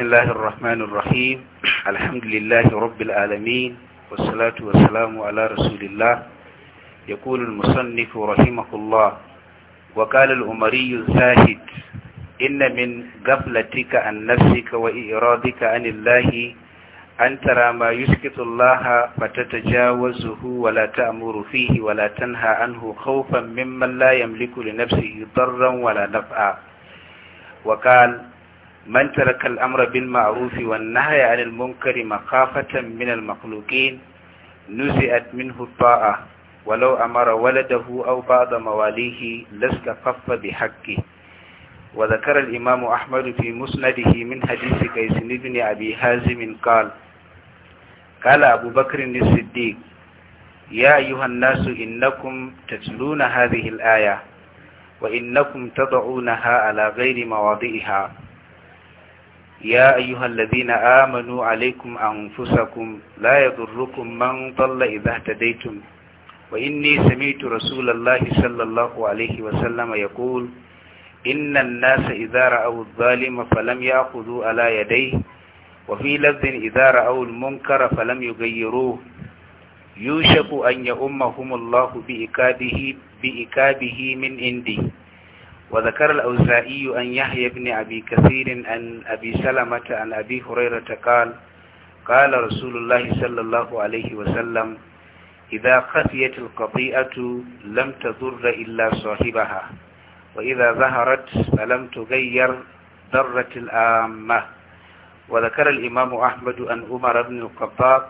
بسم الله الرحمن الرحيم الحمد لله رب العالمين والصلاة والسلام على رسول الله يقول المصنف رحمه الله وقال الأمري الزاهد إن من غفلتك عن نفسك وإرادك عن الله أن ترى ما يسكت الله فتتجاوزه ولا تأمر فيه ولا تنهى عنه خوفا ممن لا يملك لنفسه ضرا ولا نفعا وقال من ترك الأمر بالمعروف والنهي عن المنكر مخافة من المخلوقين نزئت منه الطاعة ولو أمر ولده أو بعض مواليه لاستخف بحقه وذكر الإمام أحمد في مسنده من حديث قيس بن أبي حازم قال قال أبو بكر الصديق يا أيها الناس إنكم تتلون هذه الآية وإنكم تضعونها على غير مواضعها يا أيها الذين آمنوا عليكم أنفسكم لا يضركم من ضل إذا اهتديتم وإني سمعت رسول الله صلى الله عليه وسلم يقول إن الناس إذا رأوا الظالم فلم يأخذوا على يديه وفي لفظ إذا رأوا المنكر فلم يغيروه يوشك أن يؤمهم الله بإكابه, بإكابه من عنده وذكر الأوزائي أن يحيى بن أبي كثير أن أبي سلمة عن أبي هريرة قال قال رسول الله صلى الله عليه وسلم إذا خفيت القطيئة لم تضر إلا صاحبها وإذا ظهرت فلم تغير ضرت الآمة وذكر الإمام أحمد أن عمر بن الخطاب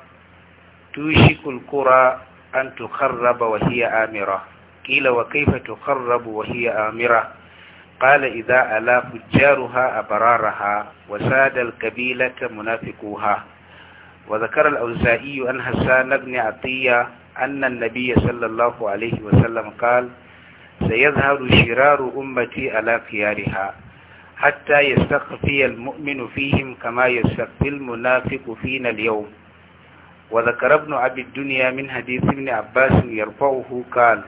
توشك القرى أن تخرب وهي آمرة قيل وكيف تخرب وهي آمرة قال إذا ألا فجارها أبرارها وساد القبيلة منافقوها وذكر الأوزائي أن حسان بن عطية أن النبي صلى الله عليه وسلم قال سيظهر شرار أمتي على خيارها حتى يستخفي المؤمن فيهم كما يستخفي المنافق فينا اليوم وذكر ابن أبي الدنيا من حديث ابن عباس يرفعه قال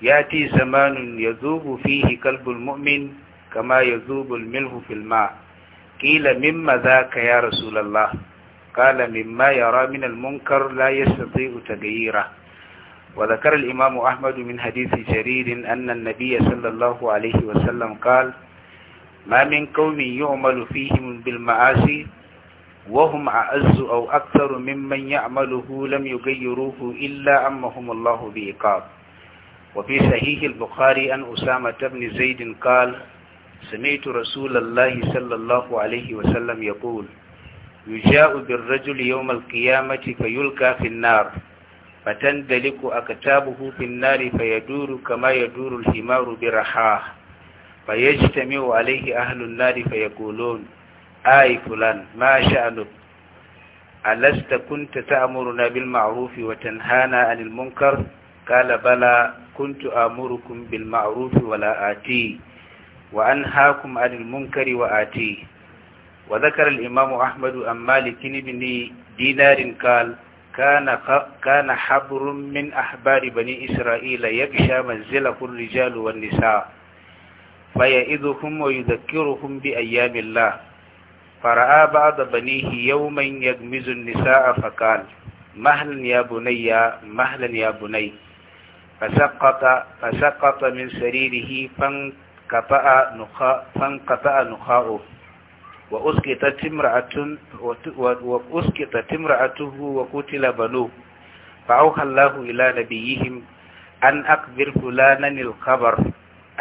يأتي زمان يذوب فيه قلب المؤمن كما يذوب الملح في الماء قيل مما ذاك يا رسول الله قال مما يرى من المنكر لا يستطيع تغييره وذكر الإمام أحمد من حديث جرير أن النبي صلى الله عليه وسلم قال ما من قوم يعمل فيهم بالمعاصي وهم أعز أو أكثر ممن يعمله لم يغيروه إلا أمهم الله بايقاظ وفي صحيح البخاري أن أسامة بن زيد قال سمعت رسول الله صلى الله عليه وسلم يقول يجاء بالرجل يوم القيامة فيلقى في النار فتندلك أكتابه في النار فيدور كما يدور الحمار برحاه فيجتمع عليه أهل النار فيقولون آي فلان ما شأنك ألست كنت تأمرنا بالمعروف وتنهانا عن المنكر؟ قال بلى كنت آمركم بالمعروف ولا آتيه وأنهاكم عن المنكر وآتيه وذكر الإمام أحمد أن مالك بن دينار قال كان كان حبر من أحبار بني إسرائيل يغشى منزله الرجال والنساء فيئذهم ويذكرهم بأيام الله فرأى بعض بنيه يوما يغمز النساء فقال مهلا يا بني مهلا يا بني فسقط فسقط من سريره فانقطع نخاء فانقطع نخاؤه وأسقطت امرأة وأسقطت امرأته وقتل بنوه فأوحى الله إلى نبيهم أن أخبر فلانا الخبر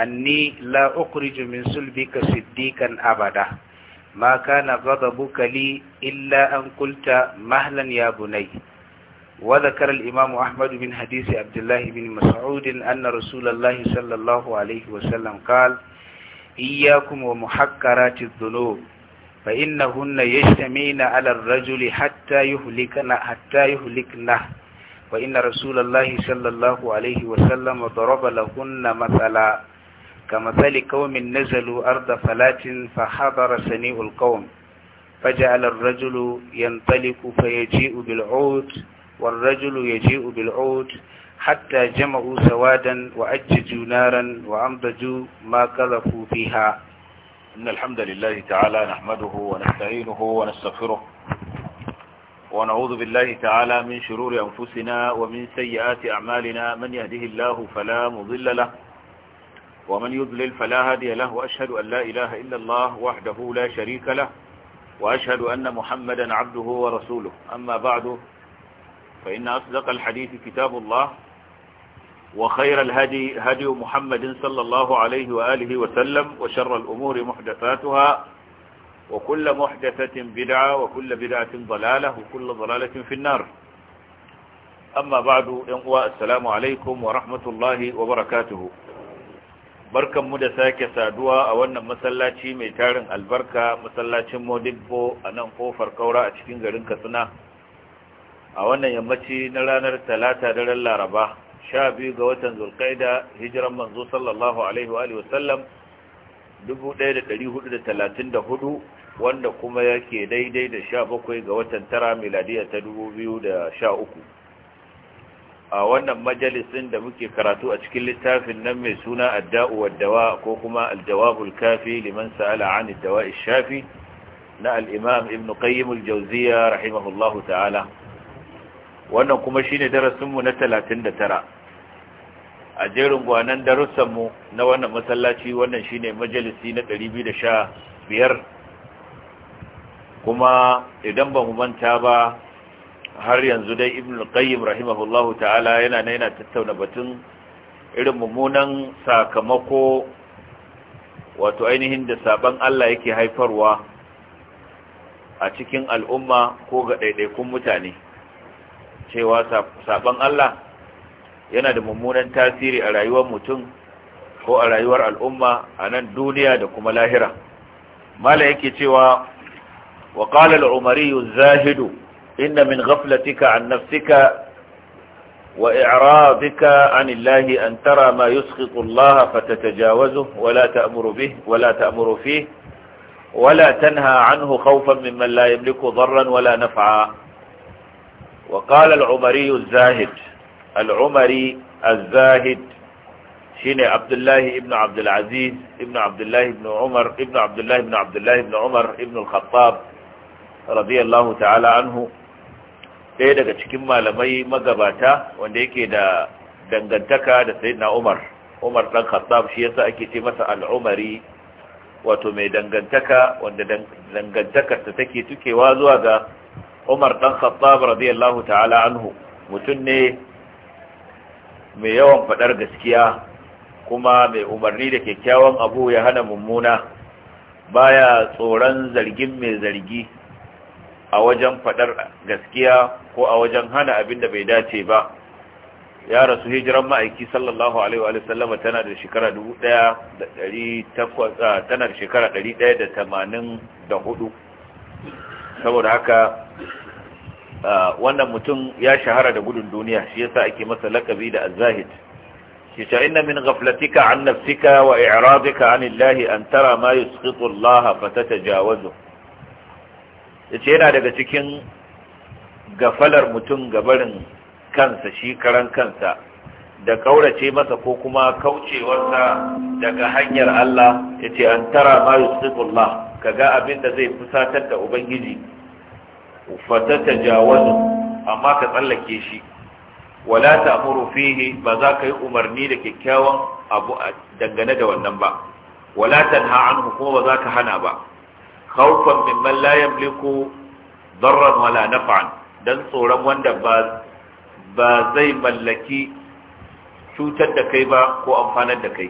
أني لا أخرج من سلبك صديقا أبدا ما كان غضبك لي إلا أن قلت مهلا يا بني وذكر الإمام أحمد من حديث عبد الله بن مسعود أن رسول الله صلى الله عليه وسلم قال إياكم ومحكرات الذنوب فإنهن يجتمعن على الرجل حتى يهلكنا حتى يهلكنه وإن رسول الله صلى الله عليه وسلم ضرب لهن مثلا كمثل قوم نزلوا أرض فلاة فحضر سنيء القوم فجعل الرجل ينطلق فيجيء بالعود والرجل يجيء بالعود حتى جمعوا سوادا وأججوا نارا وأنضجوا ما قذفوا فيها إن الحمد لله تعالى نحمده ونستعينه ونستغفره ونعوذ بالله تعالى من شرور أنفسنا ومن سيئات أعمالنا من يهده الله فلا مضل له ومن يضلل فلا هادي له وأشهد أن لا إله إلا الله وحده لا شريك له وأشهد أن محمدا عبده ورسوله أما بعد فإن أصدق الحديث كتاب الله وخير الهدي هدي محمد صلى الله عليه وآله وسلم وشر الأمور محدثاتها وكل محدثة بدعة وكل بدعة ضلالة وكل ضلالة في النار أما بعد إنقوى السلام عليكم ورحمة الله وبركاته بركة مدساك سادوا أولنا مسلاتي ميتارن البركة مسلاتي مودبو أنا نقوفر كورا أتكين غرنك سنة a wannan yammaci na ranar talata daren laraba sha biyu ga watan zulkaida hijiran manzo sallallahu alaihi wa sallam 1434 wanda kuma yake daidai da sha bakwai ga watan tara miladiya ta 2013 a wannan majalisin da muke karatu a cikin littafin nan mai suna adda'u waddawa ko kuma aljawabul kafi liman sa'ala an shafi na alimam ibn qayyim al-jawziya rahimahullahu ta'ala wannan kuma shine mu na 39 a jerin gwanan mu na wannan masallaci wannan shine majalisi na 215 kuma idan ba mu manta ba har yanzu dai ibn qayyim rahimahullahu ta'ala yana ne yana tattauna batun irin mummunan sakamako wato ainihin da saban Allah yake haifarwa a cikin al'umma ko ga ɗaiɗaikun mutane cewa saban Allah yana da mummunan tasiri a rayuwar mutum ko a rayuwar al'umma a nan duniya da kuma lahira mala yake cewa wa qala al zahidu inna min gaflatika an nafsika wa i'radika an an tara ma yusqitu Allah fatatajawazu wa la ta'muru bih wa la ta'muru fihi wala تنهى عنه خوفا ممن لا يملك ضرا وقال العمري الزاهد العمري الزاهد شيني عبد الله ابن عبد العزيز ابن عبد الله ابن عمر ابن عبد الله ابن عبد الله ابن عمر ابن الخطاب رضي الله تعالى عنه ɗaya daga cikin malamai magabata wanda yake da dangantaka da sayyidina Umar Umar dan Khattab shi yasa ake ce masa al-Umari wato mai dangantaka wanda dangantakar ta take tukewa zuwa ga umar ɗan khattab radiyallahu ta'ala anhu mutum ne mai yawan faɗar gaskiya kuma mai umarni da kyakkyawan abu ya hana mummuna baya tsoron zargin mai zargi a wajen fadar gaskiya ko a wajen hana abin da bai dace ba ya rasu hijiran ma'aiki sallallahu alaihi wa sallama tana da shekara 1800 tana da shekara saboda haka wannan mutum ya shahara da gudun duniya shi yasa ake masa lakabi da az-zahid ta inna min ghaflatika an nafsika wa i'radika an Allah an tara ma yusqitu Allah fa tatajawazu yace yana daga cikin gafalar mutum gabarin kansa shi karan kansa da kaurace masa ko kuma kaucewarsa daga hanyar Allah yace an tara ma yusqitu Allah ka ga abin da zai fusatar da ubangiji fata ta jawazu amma ka tsallake shi wala ta amuru fihi ba za ka yi umarni da kyakkyawan abu dangane da wannan ba wala ta anhu kuma ba za ka hana ba khawfan mimman la yamliku darran wala naf'an dan tsoron wanda ba ba zai mallaki cutar da kai ba ko amfanar da kai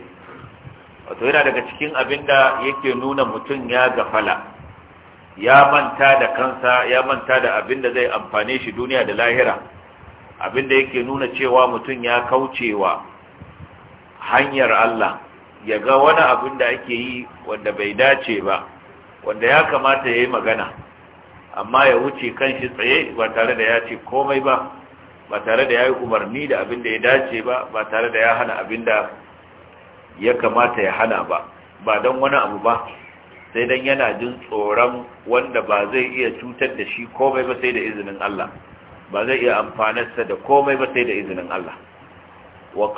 wato yana daga cikin abin da yake nuna mutum ya gafala ya manta da kansa ya manta da abin da zai amfane shi duniya da lahira abin da yake nuna cewa mutum ya kaucewa hanyar Allah ya ga wani abin da ake yi wanda bai dace ba wanda ya kamata ya yi magana amma ya wuce kan shi tsaye ba tare da ya ce komai ba ba tare da ya yi umarni da abin da ya dace ba ba tare da ya hana abin da ya kamata ya hana ba ba don wani abu ba sai don yana jin tsoron wanda ba zai iya cutar da shi komai ba sai da izinin Allah ba zai iya amfanarsa da komai ba sai da izinin Allah wa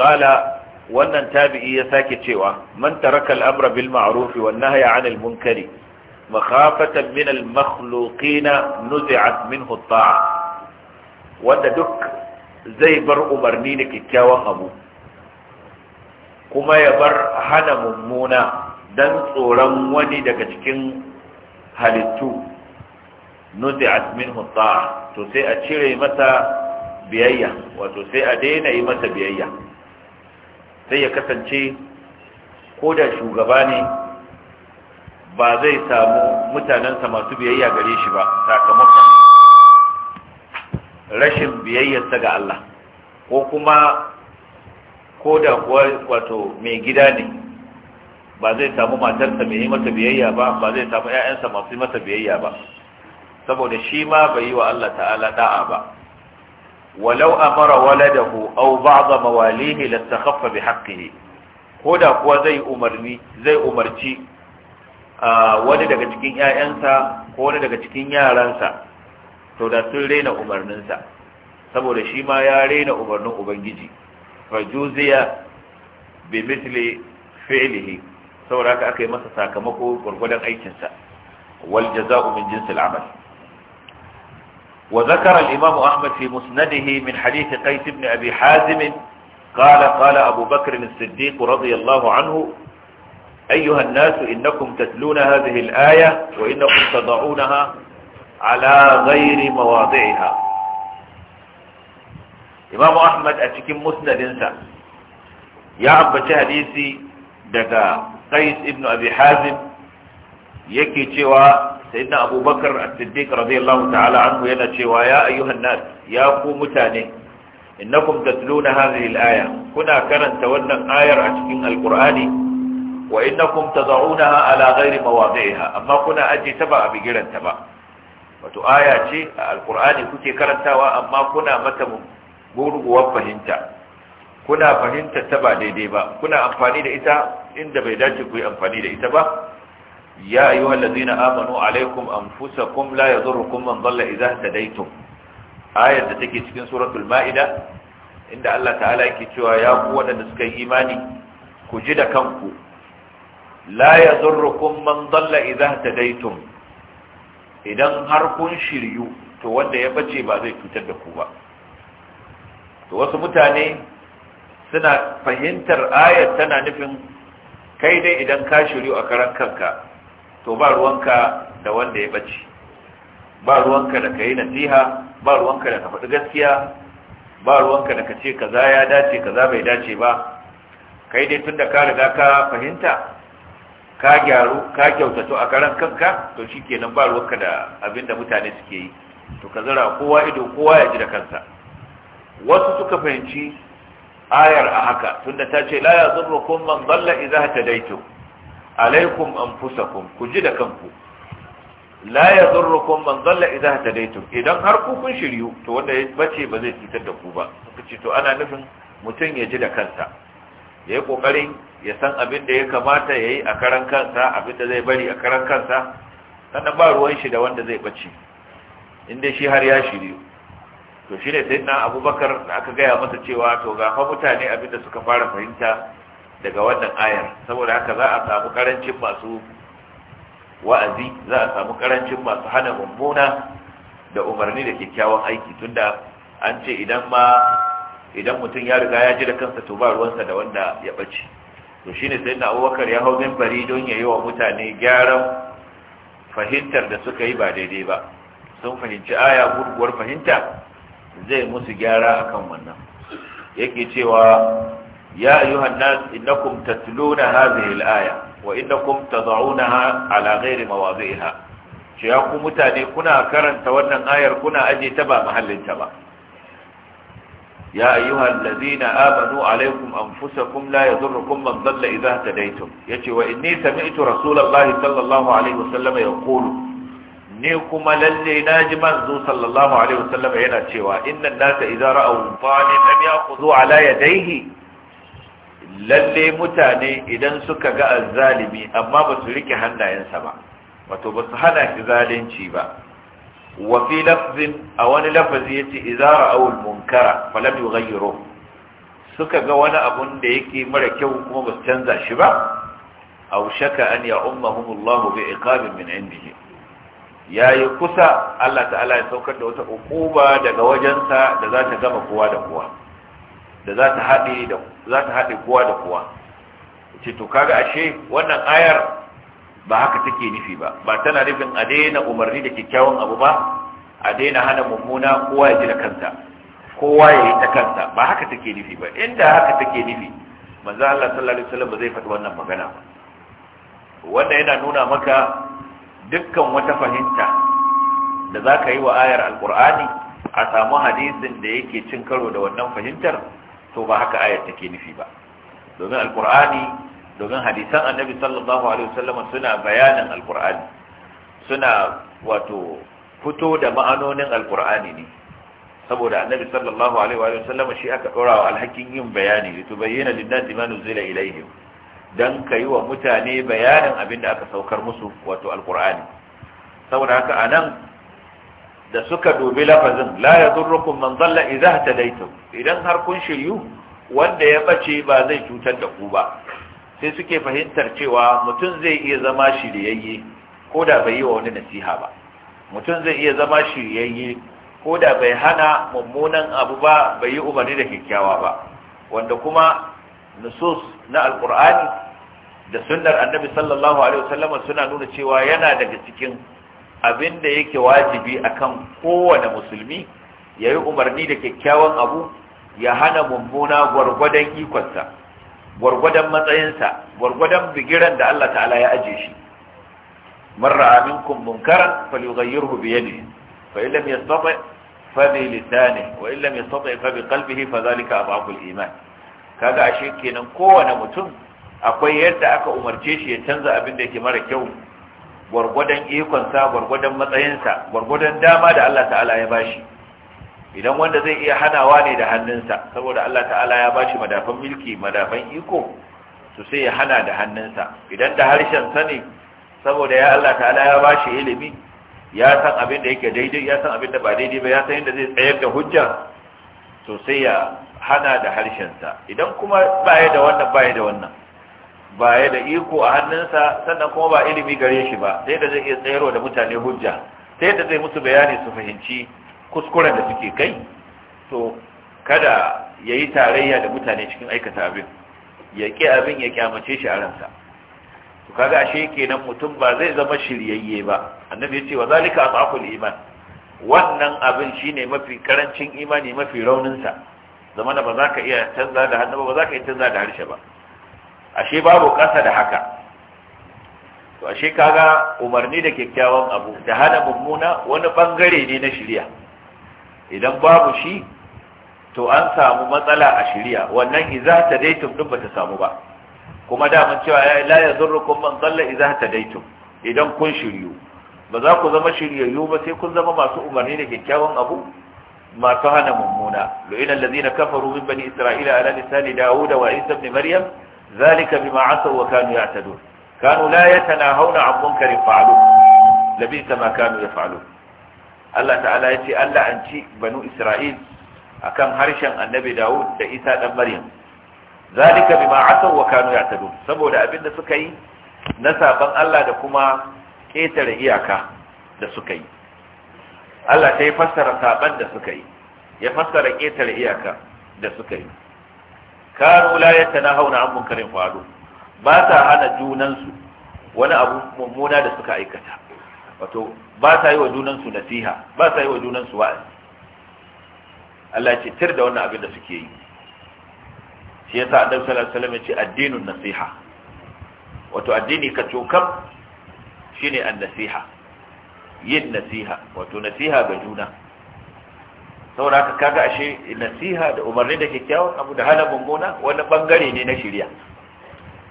wannan tabi'i ya sake cewa man taraka al-amra bil ma'ruf wan nahya 'anil munkari makhafatan min al-makhluqin nuzi'at minhu at-ta'a wanda duk zai bar umarni da kikkiawan abu kuma ya bar hana mummuna don tsoron wani daga cikin halittu nuzi'at Asmin hutsa to sai a cire masa biyayya wato sai a daina yi masa biyayya sai ya kasance ko da shugaba ne ba zai samu mutanensa masu biyayya gare shi ba sakamakon rashin biyayyarsa ga Allah ko kuma ko da kuwa wato mai gida ne ba zai samu matarsa mai yi mata biyayya ba ba zai samu 'ya'yansa masu mata biyayya ba saboda shi ma bai yi wa Allah ta'ala da'a ba walau amara waladahu aw ba'd mawalihi lastakhaffa bi haqqihi ko da kuwa zai umarni zai umarci wani daga cikin 'ya'yansa ko wani daga cikin yaransa to da sun rena umarninsa saboda shi ma ya rena umarnin ubangiji فجوزي بمثل فعله سوراك أكي مسا ساكمكو قرقودا أي تنسى والجزاء من جنس العمل وذكر الإمام أحمد في مسنده من حديث قيس بن أبي حازم قال قال أبو بكر الصديق رضي الله عنه أيها الناس إنكم تتلون هذه الآية وإنكم تضعونها على غير مواضعها imamu ahmad a cikin musnadinsa ya ambaci hadisi daga qais ibn abi hazim yake cewa sayyidina abubakar as-siddiq radiyallahu ta'ala anhu yana cewa ya ayyuhan nas ya ku mutane innakum tatluna hadhihi al-aya kuna karanta wannan ayar a cikin alqur'ani wa innakum tad'unaha ala ghairi mawadi'iha amma kuna aji ta ba a bigiranta ba wato aya ce a alqur'ani kuke karantawa amma kuna mata gurguwar fahimta kuna fahimta ta ba daidai ba kuna amfani da ita inda bai dace ku yi amfani da ita ba ya ayyuhal ladzina amanu alaikum anfusakum la yadhurrukum man dhalla ta tadaytum ayat da take cikin suratul maida inda Allah ta'ala yake cewa ya ku waɗanda suka yi imani ku ji da kanku la yadhurrukum man dhalla ta tadaytum idan har kun shiryu to wanda ya bace ba zai cutar da ku ba to wasu mutane suna fahimtar ayat tana nufin kai dai idan ka shiryu a karan kanka to ba ruwanka da wanda ya bace ba ruwanka da ka yi nasiha ba ruwanka da ka faɗi gaskiya ba ruwanka da ka ce kaza ya dace kaza bai dace ba kai dai tun da ka riga ka fahimta ka gyaru ka kyautato a karan kanka to shikenan ba ruwanka da abinda mutane suke yi to ka zira kowa ido kowa ya ji da kansa wasu suka fahimci ayar a haka tunda ta ce la ya kun man dalla idza hadaitu alaikum anfusakum ku ji da kanku la ya kun man dalla idza hadaitu idan har ku kun shiryu to wanda ya bace ba zai cutar da ku ba suka ce to ana nufin mutum ya ji da kansa ya yi kokarin ya san abin da ya kamata ya yi a karan kansa abin da zai bari a karan kansa sannan ba ruwan shi da wanda zai bace Inda shi har ya shiryu to shi ne sayyidina abubakar da aka gaya masa cewa to ga fa mutane abinda suka fara fahimta daga wannan ayar saboda haka za a samu karancin masu wa'azi za a samu karancin masu hana mummuna da umarni da kyakkyawan aiki tunda an ce idan ma idan mutum ya riga ya ji da kansa to ba ruwansa da wanda ya bace to shine sai na abubakar ya hau minbari don ya yi wa mutane gyaran fahimtar da suka yi ba daidai ba sun fahimci aya gurguwar fahimta zai musu gyara akan wannan yake cewa ya ayyuhan nas innakum tatluna hadhihi al-aya wa innakum tad'unaha ala ghairi mawadhiha ce ya ku mutane kuna karanta wannan ayar kuna aje ta ba mahallin ta ba ya ayyuhal ladina amanu alaikum anfusakum la yadurrukum man dhalla idha tadaytum yace wa inni sami'tu rasulallahi sallallahu alaihi wasallam yaqulu ne kuma lalle na ji manzo sallallahu alaihi wasallam yana cewa innan nasa idza ra'aw zaliman ya'khudhu ala yadayhi lalle mutane idan suka ga azzalimi amma ba su rike hannayensa ba wato ba su hana shi zalunci ba wa fi lafzin a wani lafazi yace idza ra'aw al-munkara falam yughayyiru suka ga wani abun da yake mara kyau kuma ba su canza shi ba aw shaka an ya'ummahum Allah bi iqabin min indihi ya yi kusa Allah ta'ala ya saukar da wata ukuba daga wajensa da za ta gama kowa da kowa da za ta haɗe kowa da kowa ce to kaga ashe wannan ayar ba haka take nufi ba ba tana nufin a daina umarni da kyakkyawan abu ba a daina hana mummuna kowa ya ji kansa kowa ya yi ta kanta. ba haka take nufi ba inda haka take nufi manzo Allah sallallahu alaihi wasallam ba zai faɗi wannan magana ba wanda yana nuna maka dukkan wata fahimta da za ka yi wa ayar alkur'ani a samu hadisin da yake cin karo da wannan fahimtar to ba haka ayar take nufi ba domin alkur'ani domin hadisan annabi sallallahu alaihi wasallam suna bayanin alkur'ani suna wato fito da ma'anonin alkur'ani ne saboda annabi sallallahu alaihi wasallam shi aka dora wa alhakin yin bayani to litubayyana lin-nasi ma nuzila ilayhim don ka yi wa mutane bayanin abin da aka saukar musu wato alkur'ani saboda haka a nan da suka dubi lafazin la ya man zalla idan har kun shiryu wanda ya bace ba zai cutar da ku ba sai suke fahimtar cewa mutum zai iya zama shiryayye ko da bai yi wa wani nasiha ba mutum zai iya zama shiryayye ko da bai hana mummunan abu ba bai yi umarni da kyakkyawa ba wanda kuma nusus na alkur'ani da sunnar annabi sallallahu alaihi wasallam suna nuna cewa yana daga cikin abin da yake wajibi akan kowane musulmi ya yi umarni da kyakkyawan abu ya hana mummuna gwargwadon ikonsa gwargwadon matsayinsa gwargwadon bigiran da Allah ta'ala ya aje shi man ra'a minkum munkaran falyughayyirhu bi yadihi fa in lam yastati fa bi lisanihi wa in lam yastati fa bi qalbihi fa dhalika adhafu al-iman kaga ashe kenan kowane mutum akwai yadda aka umarce shi ya canza abin da yake mara kyau gwargwadon ikonsa gwargwadon matsayinsa gwargwadon dama da Allah ta'ala ya bashi idan wanda zai iya hanawa ne da hannunsa saboda Allah ta'ala ya bashi madafan milki madafan iko su sai ya hana da hannunsa idan da harshen sa ne saboda ya Allah ta'ala ya bashi ilimi ya san abin da yake daidai ya san abin da ba daidai ba ya san yadda zai tsayar da hujja to sai ya hana da harshensa idan kuma baya da wannan baya da wannan baya da iko a hannunsa sannan kuma ba ilimi gare shi ba sai da zai iya tsayarwa da mutane hujja sai da zai musu bayani su fahimci kuskuren da suke kai to kada ya yi tarayya da mutane cikin aikata abin ya ƙi abin ya kyamace shi a ransa to kaga ashe kenan mutum ba zai zama shiryayye ba annabi ya ce wa zalika aqaqul iman wannan abin shine mafi karancin imani mafi rauninsa zama da ba za ka iya canza da hannu ba za ka iya canza da harshe ba ashe babu ƙasa da haka to ashe kaga umarni da kyakkyawan abu da hana mummuna wani bangare ne na shirya idan babu shi to an samu matsala a shirya wannan iza ta daitum din bata samu ba kuma da mun cewa la yazurrukum man dalla iza ta daitum idan kun shiryu ba za ku zama shiryayyu ba sai kun zama masu umarni da kyakkyawan abu masu hana mummuna lu'ina allazina kafaru min bani isra'ila ala lisani dawuda wa isa ibn maryam zalika bima asaw wa kanu ya'tadun kanu la yatanahawna 'an munkarin fa'alu labisa ma kanu yaf'alun Allah ta'ala ya ce Allah an ci banu isra'il akan harshen annabi dawud da isa dan maryam zalika bima asaw wa kanu ya'tadun saboda abinda suka yi na saban Allah da kuma ƙetare iyaka da suka yi Allah ta yi fassara saban da suka yi ya fassara ƙetare iyaka da suka yi kanu la yatanahawna an munkarin faru ba ta hana junansu wani abu mummuna da suka aikata wato ba ta yi wa junansu nasiha ba ta yi wa junansu wa'azi Allah ce tir da wannan abin da suke yi shi yasa annabi sallallahu alaihi wasallam ya ce addinun nasiha wato addini ka cokam shine an-nasiha yin nasiha wato nasiha ga juna saboda haka kaga ashe nasiha da umarni da kyakkyawan abu da hana mummuna wani bangare ne na shirya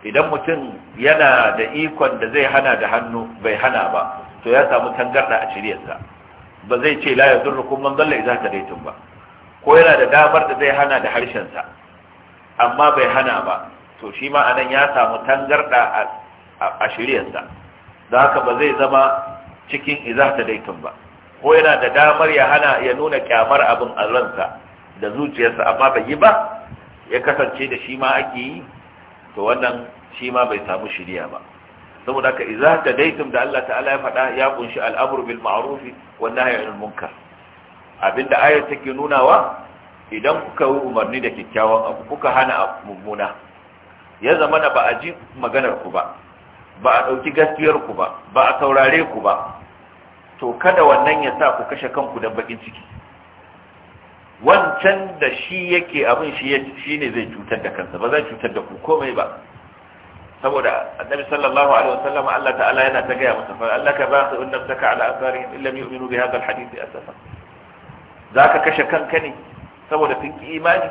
idan mutum yana da ikon da zai hana da hannu bai hana ba to ya samu tangarda a shiryarsa ba zai ce la yadurrukum man dalla idza tadaytum ba ko yana da damar da zai hana da harshensa amma bai hana ba to shi ma anan ya samu tangarda a shiryarsa da haka ba zai zama cikin izahta daitun ba ko yana da damar ya hana ya nuna kyamar abin a da zuciyarsa amma bai yi ba ya kasance da shi ma ake yi to wannan shi ma bai samu shirya ba saboda haka izahta daitun da Allah ta'ala ya faɗa ya kunshi al'amur bil ma'ruf wa nahyi anil munkar abinda ayar take nunawa idan kuka yi umarni da kyakkyawan abu kuka hana mummuna ya zama na ba a ji maganar ku ba ba a ɗauki gaskiyarku ba ba a saurare ku ba to kada wannan ya sa ku kashe kanku da baƙin ciki wancan da shi yake abin shi ne zai cutar da kansa ba zai cutar da ku komai ba saboda annabi sallallahu alaihi wasallam Allah ta'ala yana ta gaya masa fa Allah ka ba su nafsaka ala asarihim illam yu'minu bi hadha alhadith asafa zaka kashe kanka ne saboda kin imani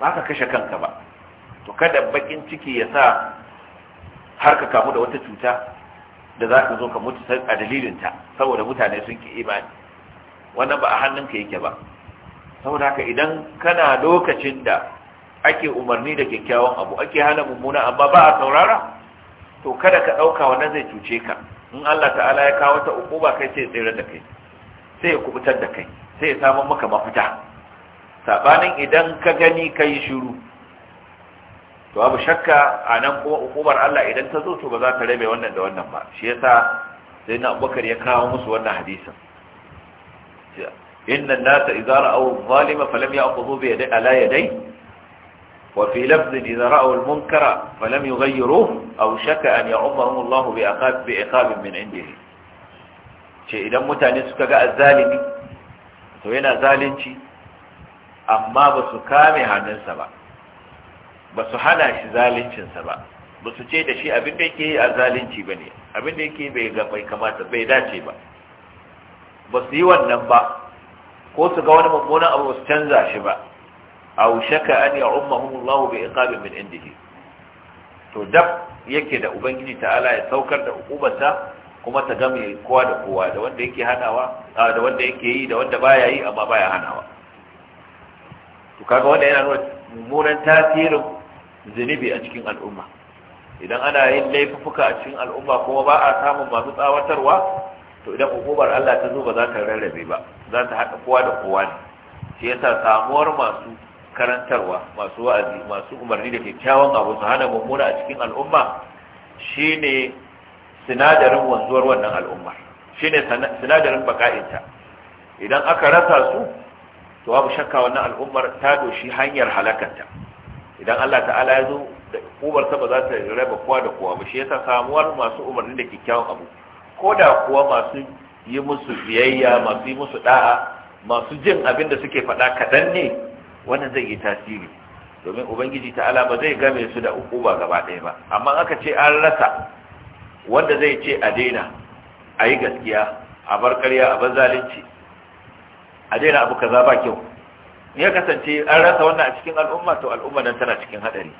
ba ka kashe kanka ba to kada bakin ciki ya sa har ka kamu da wata cuta da za ka zo ka mutu a dalilin ta saboda mutane sun ki imani wannan ba a hannun ka yake ba saboda haka idan kana lokacin da ake umarni da kyakkyawan abu ake hana mummuna amma ba a saurara to kada ka ɗauka wannan zai cuce ka in Allah ta'ala ya kawo ta ukuba ba kai sai tsere da kai sai ya kubutar da kai sai ya samu maka mafita sabanin idan ka gani ka shiru to babu shakka a nan kuma Allah idan ta zo to ba za ta rabe wannan da wannan ba shi yasa sai na abubakar ya kawo musu wannan hadisin inna nasa idza ra'aw zalima falam ya'khudhu bi yadi ala yadai wa fi lafz idza ra'aw al-munkara falam yughayyiruhu aw shaka an ya'ummuhum Allah bi aqab bi iqab min indihi ce idan mutane suka ga azzalimi to yana zalunci amma ba su kame hannunsa ba ba su hana shi zaluncinsa ba ba su ce da shi abin da yake yi a zalunci ba ne abin da yake bai kamata bai dace ba ba su yi wannan ba ko su ga wani mummunan abu su canza shi ba a shaka an ya'ummahumullahu bi iqabin min indihi to dab yake da ubangiji ta'ala ya saukar da hukumarsa kuma ta game kowa da kowa da wanda yake hanawa da wanda yake yi da wanda baya yi amma baya hanawa to kaga wanda yana nuna mummunan tasirin zunubi a cikin al'umma idan ana yin laifuka a cikin al'umma kuma ba a samun masu tsawatarwa to idan hukumar Allah ta zo ba za ta rarrabe ba za ta haɗa kowa da kowa ne shi yasa samuwar masu karantarwa masu wa'azi masu umarni da kyakkyawan abu su hana mummuna a cikin al'umma shine sinadarin wanzuwar wannan al'ummar shine sinadarin baka'inta idan aka rasa su to babu shakka wannan al'ummar ta doshi hanyar halakanta idan Allah ta'ala ya zo da kubar ta ba za ta raba kowa da kowa ba shi yasa samuwar masu umarni da kyakkyawan abu ko da kuwa masu yi musu biyayya masu yi musu da'a masu jin abin da suke faɗa kaɗan ne wannan zai yi tasiri domin ubangiji ta'ala ba zai game su da ba gaba ɗaya ba amma aka ce an rasa wanda zai ce a daina a yi gaskiya a bar karya, a bar zalunci a daina abu kaza ba kyau ya kasance an rasa wannan a cikin al'umma to al'umma nan tana cikin hadari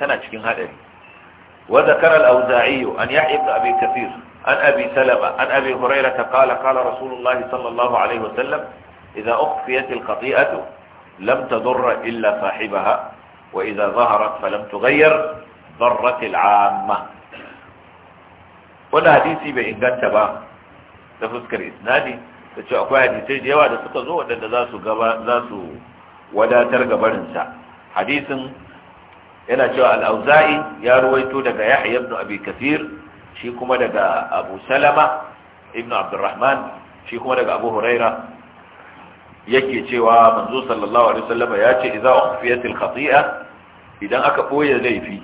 tana cikin hadari wa zakara al-auza'i an yahya ibn abi kathir an abi salama an abi ta qala qala rasulullahi sallallahu alaihi wa sallam idza ukhfiyat al-qati'atu lam tadurra illa sahibaha wa idza zaharat falam tughayyar darrat al-'amma wannan hadisi bai inganta ba da fuskar isnadi da ce akwai hadisai da yawa da suka zo waɗanda za su gaba za su wadatar gabarinsa hadisin yana cewa al-auza'i ya ruwaito daga yahya ibn abi kathir shi kuma daga abu salama ibn abdurrahman shi kuma daga abu huraira yake cewa manzo sallallahu alaihi wasallam ya ce idza ukhfiyatil khati'a idan aka boye laifi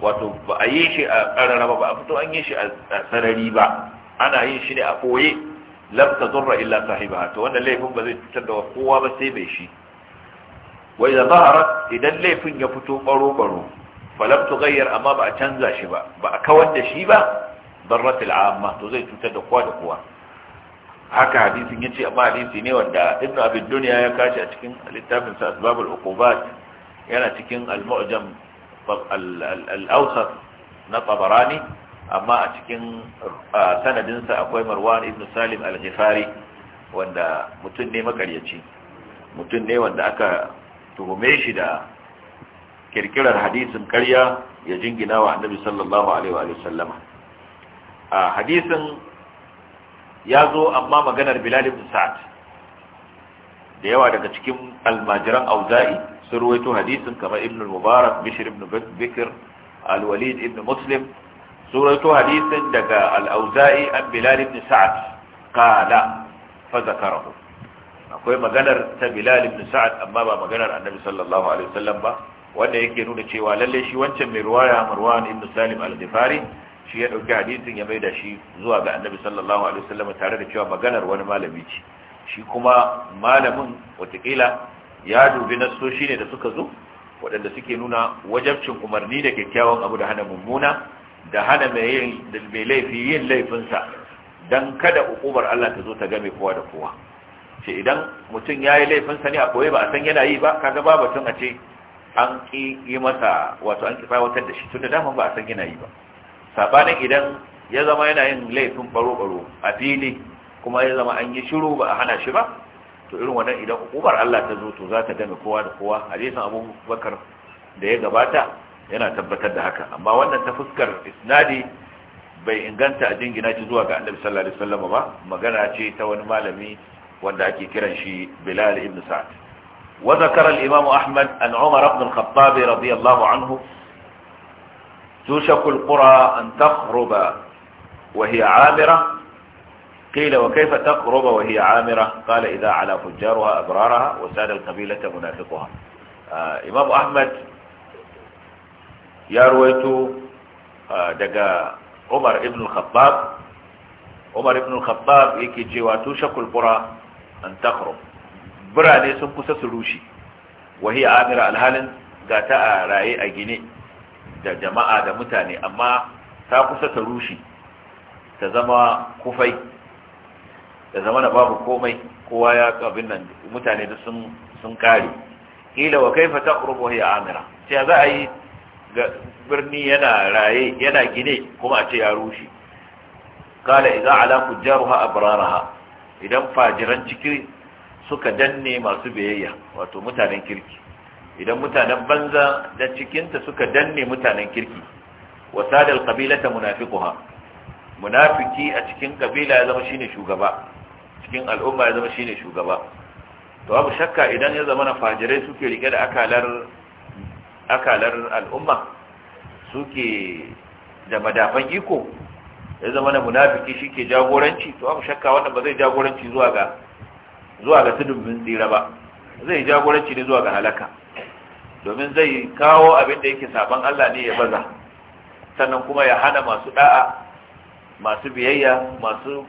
wato ba a yi shi a karara ba ba a fito an yi shi a sarari ba ana yin shi ne a ɓoye lam tadurra illa sahibaha to wannan laifin ba zai cutar da kowa ba sai mai shi wa idza zaharat idan laifin ya fito baro baro falam tughayyar amma ba a canza shi ba ba a kawar da shi ba darrat amma to zai cutar da kowa da kowa haka hadisin yace amma hadisi ne wanda ibnu abin dunya ya kashi a cikin littafin sa asbabul uqubat yana cikin al-mu'jam al na tabarani amma a cikin sanadinsa akwai marwan ibn salim al-ghifari wanda mutum ne makaryaci mutum ne wanda aka tuhume shi da kirkirar hadisin karya ya jingina wa annabi sallallahu alaihi wa sallama a hadisin ya zo amma maganar bilal ibn sa'ad da yawa daga cikin almajiran auza'i sun ruwaito hadisin kamar ibn mubarak bishr ibn bikr al-walid ibn muslim surato hadisin daga al-auza'i an bilal ibn sa'ad qala fa akwai maganar ta bilal ibn sa'ad amma ba maganar annabi sallallahu alaihi wasallam ba wanda yake nuna cewa lalle shi wancan mai ruwaya marwan ibn salim al-ghifari shi ya dauki hadisin ya maida shi zuwa ga annabi sallallahu alaihi wasallam tare da cewa maganar wani malami ce shi kuma malamin watakila ya dubi nasoshi ne da suka zo waɗanda suke nuna wajabcin umarni da kyakkyawan abu da hana mummuna da hana mai laifi yin laifinsa don kada hukumar Allah ta zo ta game kowa da kowa ce idan mutum ya yi laifinsa ne a koyi ba a san yana yi ba kaga ba batun a ce an ƙi yi masa wato an ƙi fawatar da shi tun da dama ba a san yana yi ba sabanin idan ya zama yana yin laifin baro-baro a fili kuma ya zama an yi shiru ba a hana shi ba to irin wannan idan hukumar Allah ta zo to za ta game kowa da kowa hadisin Abu Bakar da ya gabata yana tabbatar da haka amma wannan ta fuskar isnadi bai inganta a dingina ci zuwa ga annabi sallallahu alaihi wasallam ba magana ce ta wani malami wanda ake kiran shi bilal ibn sa'd wa zakara al-imam ahmad an umar ibn al-khattab radiyallahu anhu tushaku al-qura an takhruba wa hiya 'amira qila wa kayfa قيل wa hiya amira qala idha ala على فجارها wa sada al qabila آه imam ahmad ya ruwaito daga umar ibn khabbab umar ibn khabbab yake cewa tushakul qura an takhru birane sun kusa su rushe wahi amira alhalin ga ta a raye a gine da jama'a da mutane amma ta kusa ta rushe ta zama kufai da zama na babu komai kowa ya kabin nan mutane da sun kare ila wa kaifa taqrubu ya amira sai za a yi birni yana raye yana gine kuma a ce ya rushe kala idza ala fujjaruha abraraha idan fajiran ciki suka danne masu biyayya wato mutanen kirki idan mutanen banza da cikinta suka danne mutanen kirki wasada qabilata munafiquha munafiki a cikin kabila ya zama shine shugaba cikin al'umma ya zama shine shugaba to babu shakka idan ya zama na fajirai suke rike da akalar akalar al'umma suke da madafan iko ya zama na munafiki shi ke jagoranci to abu shakka wannan ba zai jagoranci zuwa ga zuwa ga tudubin tsira ba zai jagoranci ne zuwa ga halaka domin zai kawo abin da yake saban Allah ne ya baza sannan kuma ya hana masu da'a masu biyayya masu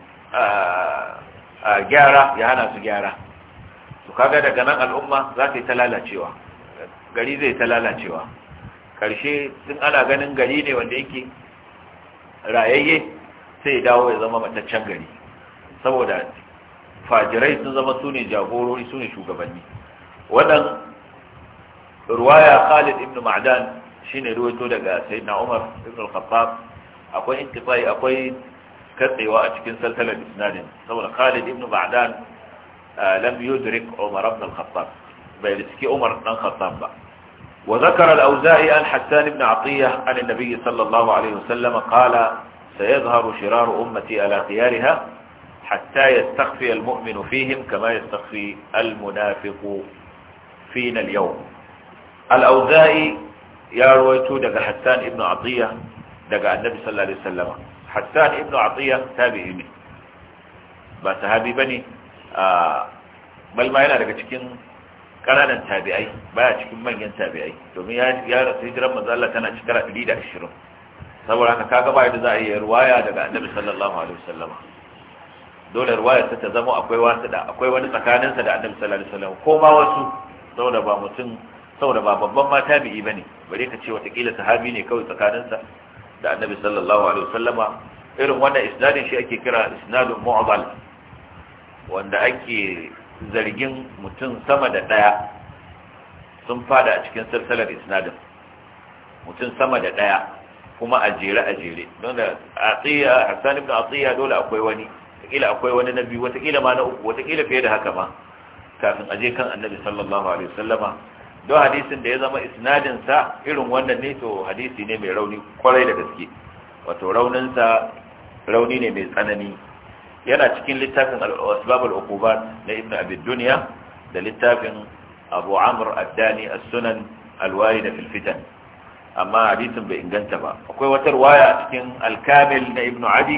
gyara ya hana su gyara to kaga daga nan al'umma za ta yi ta lalacewa gari zai ta lalacewa karshe sun ana ganin gari ne wanda yake rayayye sai dawo ya zama mataccen gari saboda fajirai sun zama su ne jagorori su ne shugabanni wannan ruwaya khalid ibn ma'dan shine ruwaito daga sayyidina umar ibn al-khattab akwai intifai akwai katsewa a cikin saltalar isnadin saboda khalid ibn ma'dan lam yudrik umar ibn al-khattab بيلتك أمر ننخطان بقى وذكر الاوزاعي أن حسان بن عطية عن النبي صلى الله عليه وسلم قال سيظهر شرار أمتي على خيارها حتى يستخفي المؤمن فيهم كما يستخفي المنافق فينا اليوم الاوزاعي يا يارويتو دقى حسان بن عطية دقى النبي صلى الله عليه وسلم حسان بن عطية تابهني بس هابي بني بل ما ينا دقى ƙananan tabi'ai baya cikin manyan tabi'ai domin ya rasu hijiran manzo Allah tana shekara 120 saboda haka kaga ba yadda za a yi ruwaya daga annabi sallallahu alaihi wasallam dole ruwaya ta ta zama akwai wasu da akwai wani tsakanin sa da annabi sallallahu alaihi wasallam ko ma wasu saboda ba mutum saboda ba babban ma tabi'i bane bare ka ce watakila sahabi ne kawai tsakanin sa da annabi sallallahu alaihi wasallama irin wannan isnadin shi ake kira isnadun mu'dal wanda ake zargin mutum sama da ɗaya sun fada a cikin sarsalar isnadin mutum sama da ɗaya kuma a jere a jere don da atiya da ibn atiya dole akwai wani wataƙila akwai wani na biyu watakila ma na uku watakila fiye da haka ma kafin a je kan annabi sallallahu alaihi wasallama don hadisin da ya zama isnadin sa irin wannan ne to hadisi ne mai rauni kwarai da gaske wato rauninsa rauni ne mai tsanani yana cikin littafin asbabul uqubat na Ibn abi dunya da littafin abu amr ad-dani as-sunan al-warida fil fitan amma hadisin bai inganta ba akwai wata riwaya a cikin al-kamil na Ibn adi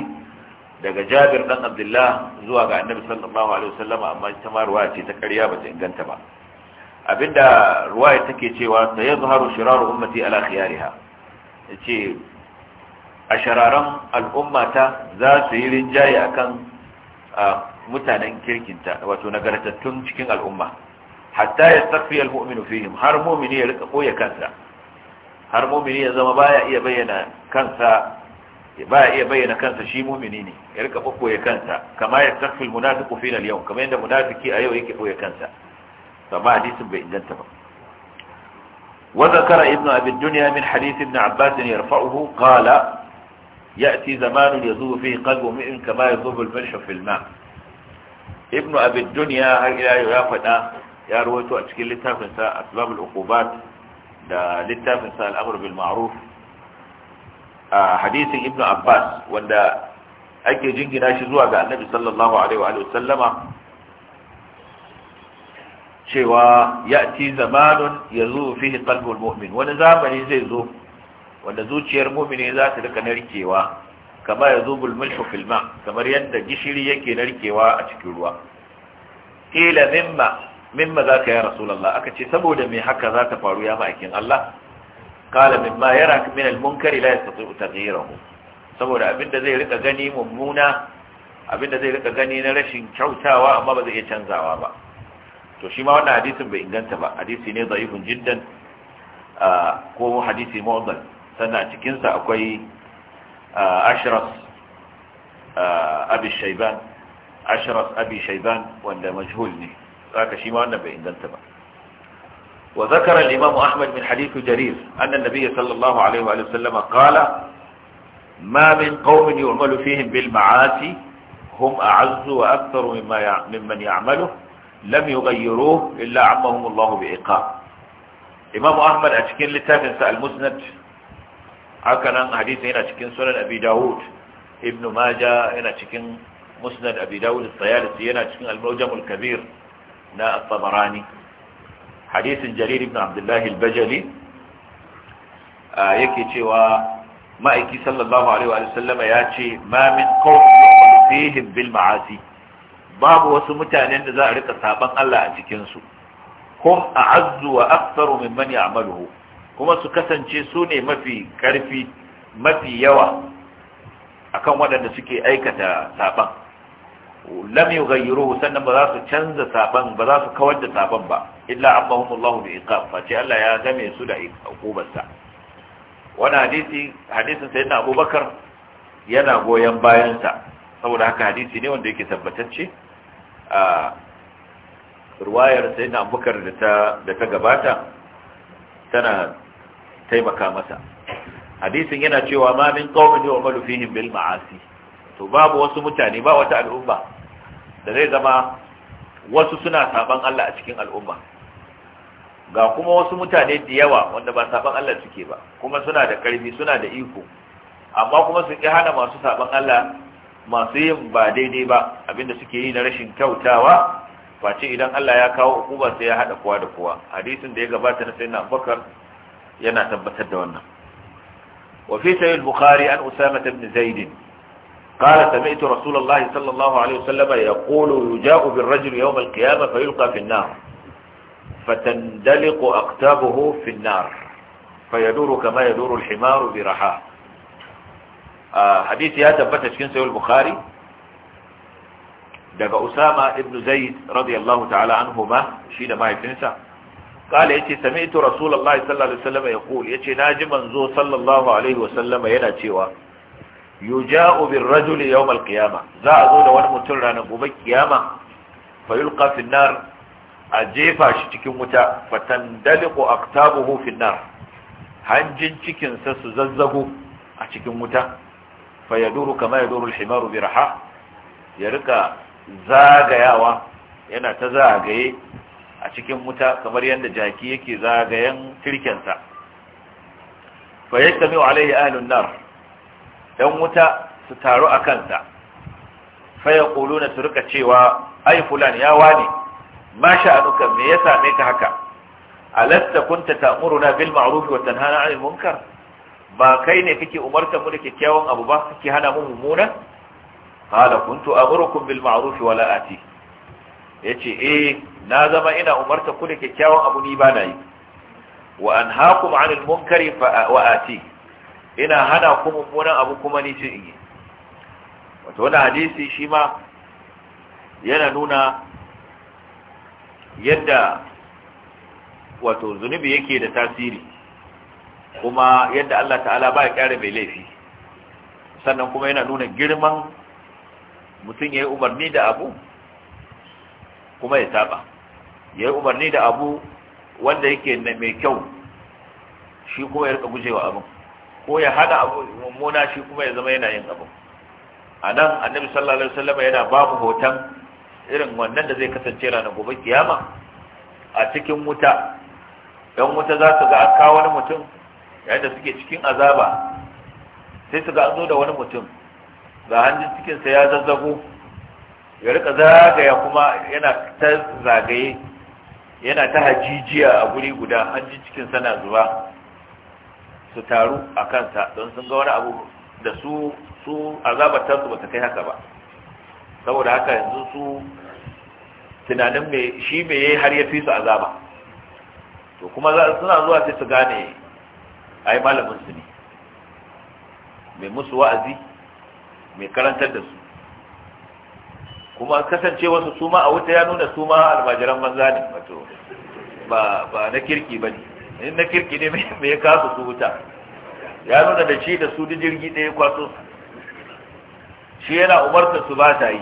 daga jabir dan abdullah zuwa ga annabi sallallahu alaihi wasallam amma ita ma riwaya ce ta ƙarya ba ta inganta ba abinda riwaya take cewa sayazharu shiraru ummati ala khiyariha yace a shararan al'ummata za su yi rinjaye akan mutanen kirkinta wato nagartattun cikin al'umma hatta ya tafiya fihim har mu'mini ya rika koya kansa har mu'mini ya zama baya iya bayyana kansa baya iya bayyana kansa shi mu'mini ne ya rika koya kansa kama ya tafi al-munafiqu fi al-yawm kama yanda munafiki a yau yake koya kansa amma hadisin bai inganta ba وذكر ابن أبي الدنيا من حديث ابن عباس يرفعه قال يأتي زمان يذوب فيه قلب مؤمن كما يذوب الملح في الماء ابن أبي الدنيا إلى a يا رويته أشكل لتافنسا أسباب العقوبات لتافنسا الأمر بالمعروف hadisin ibnu abbas wanda ake jingina shi zuwa ga annabi sallallahu alaihi wa cewa ya'ti zamanun yazu fihi qalbul mu'min wani zamani zai zo wanda zuciyar mumini za ta rika narkewa kama ya zubul mulku fil ma kamar yadda gishiri yake narkewa a cikin ruwa kila mimma mimma zaka ya rasulullah aka ce saboda me haka za ta faru ya ma'aikin Allah kala mimma yara min al munkari la yastati'u taghyiruhu saboda abinda zai rika gani mummuna abinda zai rika gani na rashin kyautawa amma ba zai iya canzawa ba to shi ma wannan hadisin bai inganta ba hadisi ne da'ifun jiddan ah, ko hadisi mu'dhal sannan cikinsa akwai ashras abi shaiban ashras abi shaiban wanda majhul ne saka shi ma wannan bai inganta ba wa zakara al-imam ahmad min hadith jarir anna an-nabiy sallallahu alaihi wa sallam qala ma min qaumin yu'malu fihim bil ma'asi hum a'azzu wa aktharu mimma mimman ya'malu lam yughayyiruhu illa 'ammahum Allah bi iqab imam ahmad a cikin littafin sa al-musnad haka nan hadisi yana cikin sunan abi dawud ibn majah yana cikin musnad abi dawud as-sayalisi yana cikin al-mawjam al-kabir na at-tabarani hadisin jarir ibn abdullah al-bajali yake cewa ma'aiki sallallahu alaihi wa sallama ya ce ma min qawmin fihim bil ma'asi babu wasu mutanen da za a rika saban Allah a cikin su hum a'azzu wa aktharu mimman ya'maluhu kuma su kasance su ne mafi karfi mafi yawa akan waɗanda suke aikata saban lam yughayyiruhu sannan ba za su canza saban ba za su kawar da saban ba illa ammahumullahu bi iqab fa ce Allah ya game su da iqabarsa wannan hadisi hadisin sayyidina Abubakar yana goyen bayan sa saboda haka hadisi ne wanda yake tabbatacce a ruwayar sayyidina Abubakar da ta da ta gabata tana taimaka masa hadisin yana cewa ma min qaumin yu'malu fihim bil ma'asi to babu wasu mutane ba wata al'umma da zai zama wasu suna saban Allah a cikin al'umma ga kuma wasu mutane da yawa wanda ba saban Allah suke ba kuma suna da karfi suna da iko amma kuma su ki hana masu saban Allah masu yin ba daidai ba abinda suke yi na rashin kyautawa face idan Allah ya kawo hukuma sai ya hada kowa da kowa hadisin da ya gabata na sayyidina Abubakar ينا تبت الدونا وفي سيد البخاري عن أسامة بن زيد قال سمعت رسول الله صلى الله عليه وسلم يقول يجاء بالرجل يوم القيامة فيلقى في النار فتندلق أقتابه في النار فيدور كما يدور الحمار برحاه آه، حديثي هذا بتش كن سيد البخاري دقى أسامة بن زيد رضي الله تعالى عنهما شيد ما يتنسى قال يتي سمعت رسول الله صلى الله عليه وسلم يقول يتي ناجي منزو صلى الله عليه وسلم yana cewa yuja'u birrajuli yawm kiyama za a zo da wani mutum ranar gobe kiyama fa yulqa a jefa shi cikin wuta fatandaliqu aqtabuhu fi nar hanjin cikinsa su zazzago a cikin wuta fa yaduru kama yaduru alhimaru biraha ya rika zagayawa yana ta zagaye a cikin wuta kamar yadda jaki yake zagayen tirkensa fa yajtami'u alaihi ahlun nar dan wuta su taru a kansa fa yaquluna su rika cewa ai fulan ya wani ma sha'anuka me ya same ka haka alasta kunta ta'muruna bil ma'ruf wa tanhana 'anil munkar ba kai ne kake umartar mu da kyakkyawan abu ba kake hana mu mummuna qala kuntu amurukum bil ma'ruf wa la ati Ya ce, e na zama ina umarta ku da kyakkyawan abu ni ba na yi wa haku ma'anin munkari wa a ati ina hana ku mummunan abu kuma ni cin yi wato wani hadisi shi ma yana nuna yadda wato zunubi yake da tasiri kuma yadda Allah ta'ala ba ya kyara mai laifi sannan kuma yana nuna girman mutum ya yi umarni da abu kuma ya saba ya yi umarni da abu wanda yake mai kyau shi kuma ya rika gujewa abin ko ya hada abu mummuna shi kuma ya zama yana yin abin a nan annabi sallallahu alaihi wasallam yana babu hoton irin wannan da zai kasance ranar gobe kiyama a cikin wuta don wuta za su ga a kawo wani mutum yayin da suke cikin azaba sai su ga an zo da wani mutum ga hannun cikinsa ya zazzago ya rika zagaya kuma yana ta zagaye yana ta hajijiya a guri guda hanji cikin sana zuba su taru a kansa don sun ga wani abu da su su azabar tasu ba ta kai haka ba saboda haka yanzu su tunanin me shi me yi har ya fi su azaba to kuma suna zuwa sai su gane a malamin su ne mai musu wa'azi mai karantar da su kuma kasance wasu suma a wuta ya nuna suma almajiran manza ne wato ba ba na kirki ba ne in na kirki ne me ya kasu su wuta ya nuna da shi da su da jirgi ɗaya kwaso shi yana umarta su ba ta yi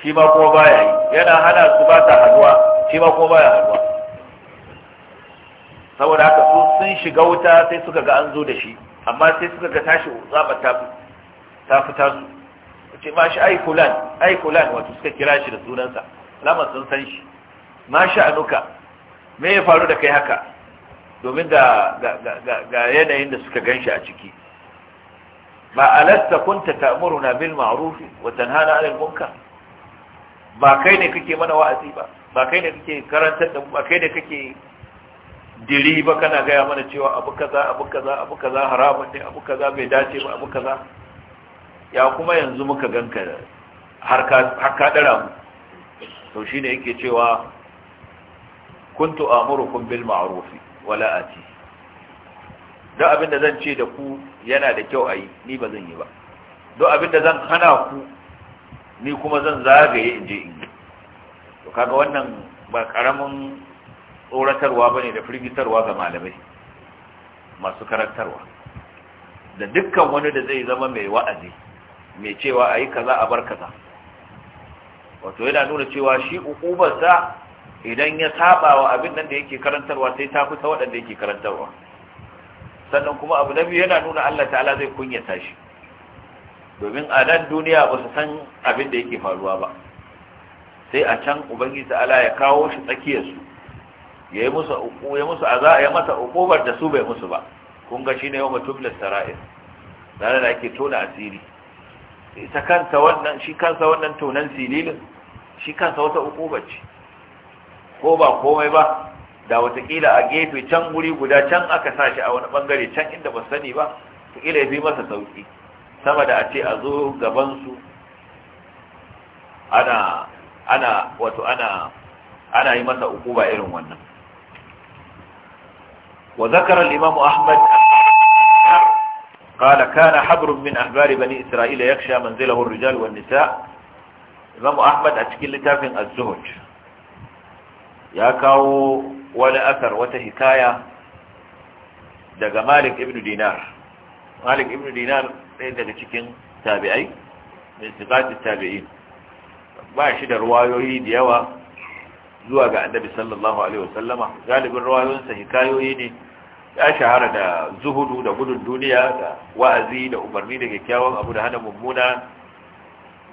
shi ma kuma ba ya yi yana hana su ba ta haduwa shi ma kuma ba ya haduwa saboda haka su sun shiga wuta sai suka ga an zo da shi amma sai suka ga tashi zaba ta fi su ce ma shi ai kulan ai kulan wato suka kira shi da sunansa alamar sun san shi ma anuka me ya faru da kai haka domin ga yanayin da suka ganshi a ciki ba alasta kunta ta'muruna bil ma'ruf wa tanhana 'anil munkar ba kai ne kake mana wa'azi ba ba kai ne kake karantar da ba kai ne kake diri ba kana gaya mana cewa abu kaza abu kaza abu kaza haramun ne abu kaza bai dace ba abu kaza ya kuma yanzu muka ganka har ka dara mu to shi ne yake cewa kuntu amurukum bil ma'rufi wala ati duk abin da zan ce da ku yana da kyau a yi ni ba zan yi ba duk abin da zan hana ku ni kuma zan zagaye in je in yi to kaga wannan ba karamin tsoratarwa ba ne da firgitarwa ga malamai masu karantarwa da dukkan wani da zai zama mai wa'azi mai cewa a yi kaza a bar kaza wato yana nuna cewa shi ukubarsa idan ya saba wa abin nan da yake karantarwa sai ta kusa waɗanda yake karantarwa sannan kuma abu na biyu yana nuna Allah ta'ala zai kunyata shi domin a nan duniya ba su san abin da yake faruwa ba sai a can ubangiji ta'ala ya kawo shi tsakiyarsu ya yi musu uku ya musu aza ya masa ukubar da su bai musu ba kun ga shi yau mutum da sara'ir ranar da ake tona asiri ita kansa wannan shi kansa wannan tonan sililin shi kansa wata ukuba ce ko ba komai ba da watakila a gefe can guri guda can aka sa shi a wani bangare can inda ba sani ba watakila ya fi masa sauki sama da a ce a zo gabansu ana ana wato ana ana yi masa ukuba irin wannan wa zakara al-imamu ahmad قال كان حبر من أحبار بني إسرائيل يخشى منزله الرجال والنساء إمام أحمد أتكي لتافن الزهج ياكاو ولا أثر وتهكاية دقى مالك ابن دينار مالك ابن دينار daga cikin tabi'ai min siqati tabi'in ba shi da ruwayoyi da yawa zuwa ga annabi sallallahu alaihi galibin hikayoyi ne ya shahara da zuhudu da gudun duniya da wa'azi da umarni da kyakkyawan abu da hana mummuna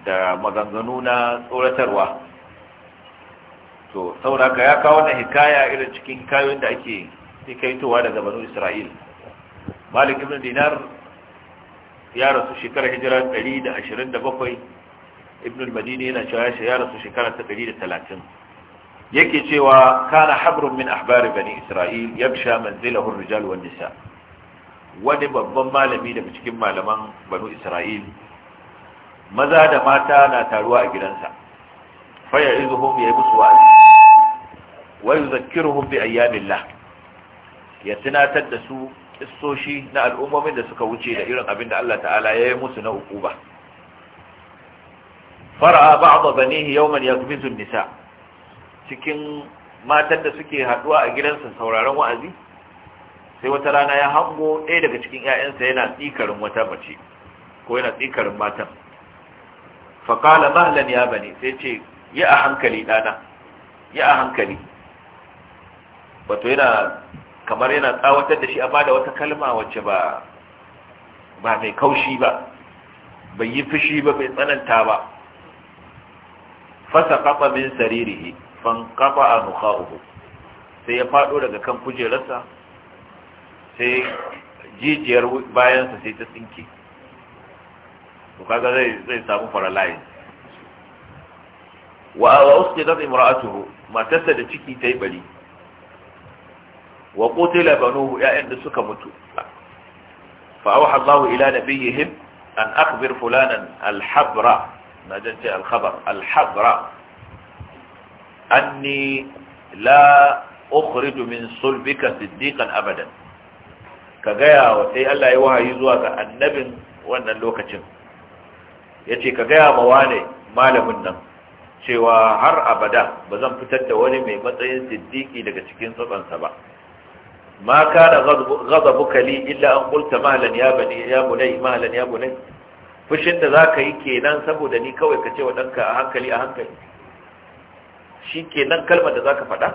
da maganganu na tsoratarwa to sauraka ya kawo na hikaya irin cikin kayoyin da ake hikaitowa daga banu isra'il malik ibn dinar ya rasu shekarar hijira 127 ibn al-madini yana cewa ya rasu shekarar ta 130 yake cewa kana habrun min ahbari bani isra'il yabsha manzilahu ar-rijal wan nisa wani babban malami da cikin malaman banu isra'il maza da mata na taruwa a gidansa faya izuhum ya yi musu wa'azi wa yuzakkiruhum bi ayyamillah ya tunatar da su kissoshi na al'ummomin da suka wuce da irin abin da Allah ta'ala ya yi musu na ukuba fara ba'd banihi yawman yaqbizu an-nisa' cikin matan da suke haduwa a gidansa sauraron wa'azi sai wata rana ya hango ɗaya daga cikin 'ya'yansa yana tsikarin wata mace ko yana tsikarin matan faƙala mahlan ya bani sai ce yi a hankali ɗana yi a hankali wato yana kamar yana tsawatar da shi a bada wata kalma wacce ba ba mai kaushi ba bai yi fushi ba bai tsananta ba fasa kafa min saririhi fankafa a nuka'uhu sai ya fado daga kan kujerarsa sai jijiyar bayansa sai ta tsinke to kaga zai samu faralayin wa wasu wa usqidat imra'atuhu matarsa da ciki ta yi bari wa qutila banuhu ya'yan da suka mutu fa awha Allahu ila nabiyihim an akhbir fulanan al-habra na jance al-khabar al anni la ukhriju min sulbika siddiqan abadan ka gaya wa sai Allah ya wahayi zuwa ga annabin wannan lokacin yace ka gaya ma wane malamin nan cewa har abada ba zan fitar da wani mai matsayin siddiqi daga cikin tsabansa ba ma kana ghadabuka kali illa an qulta mahlan ya bani ya bunay mahlan ya bunay fushin da zaka yi kenan saboda ni kawai ka ce wa danka a hankali a hankali shi ke nan kalmar da za ka faɗa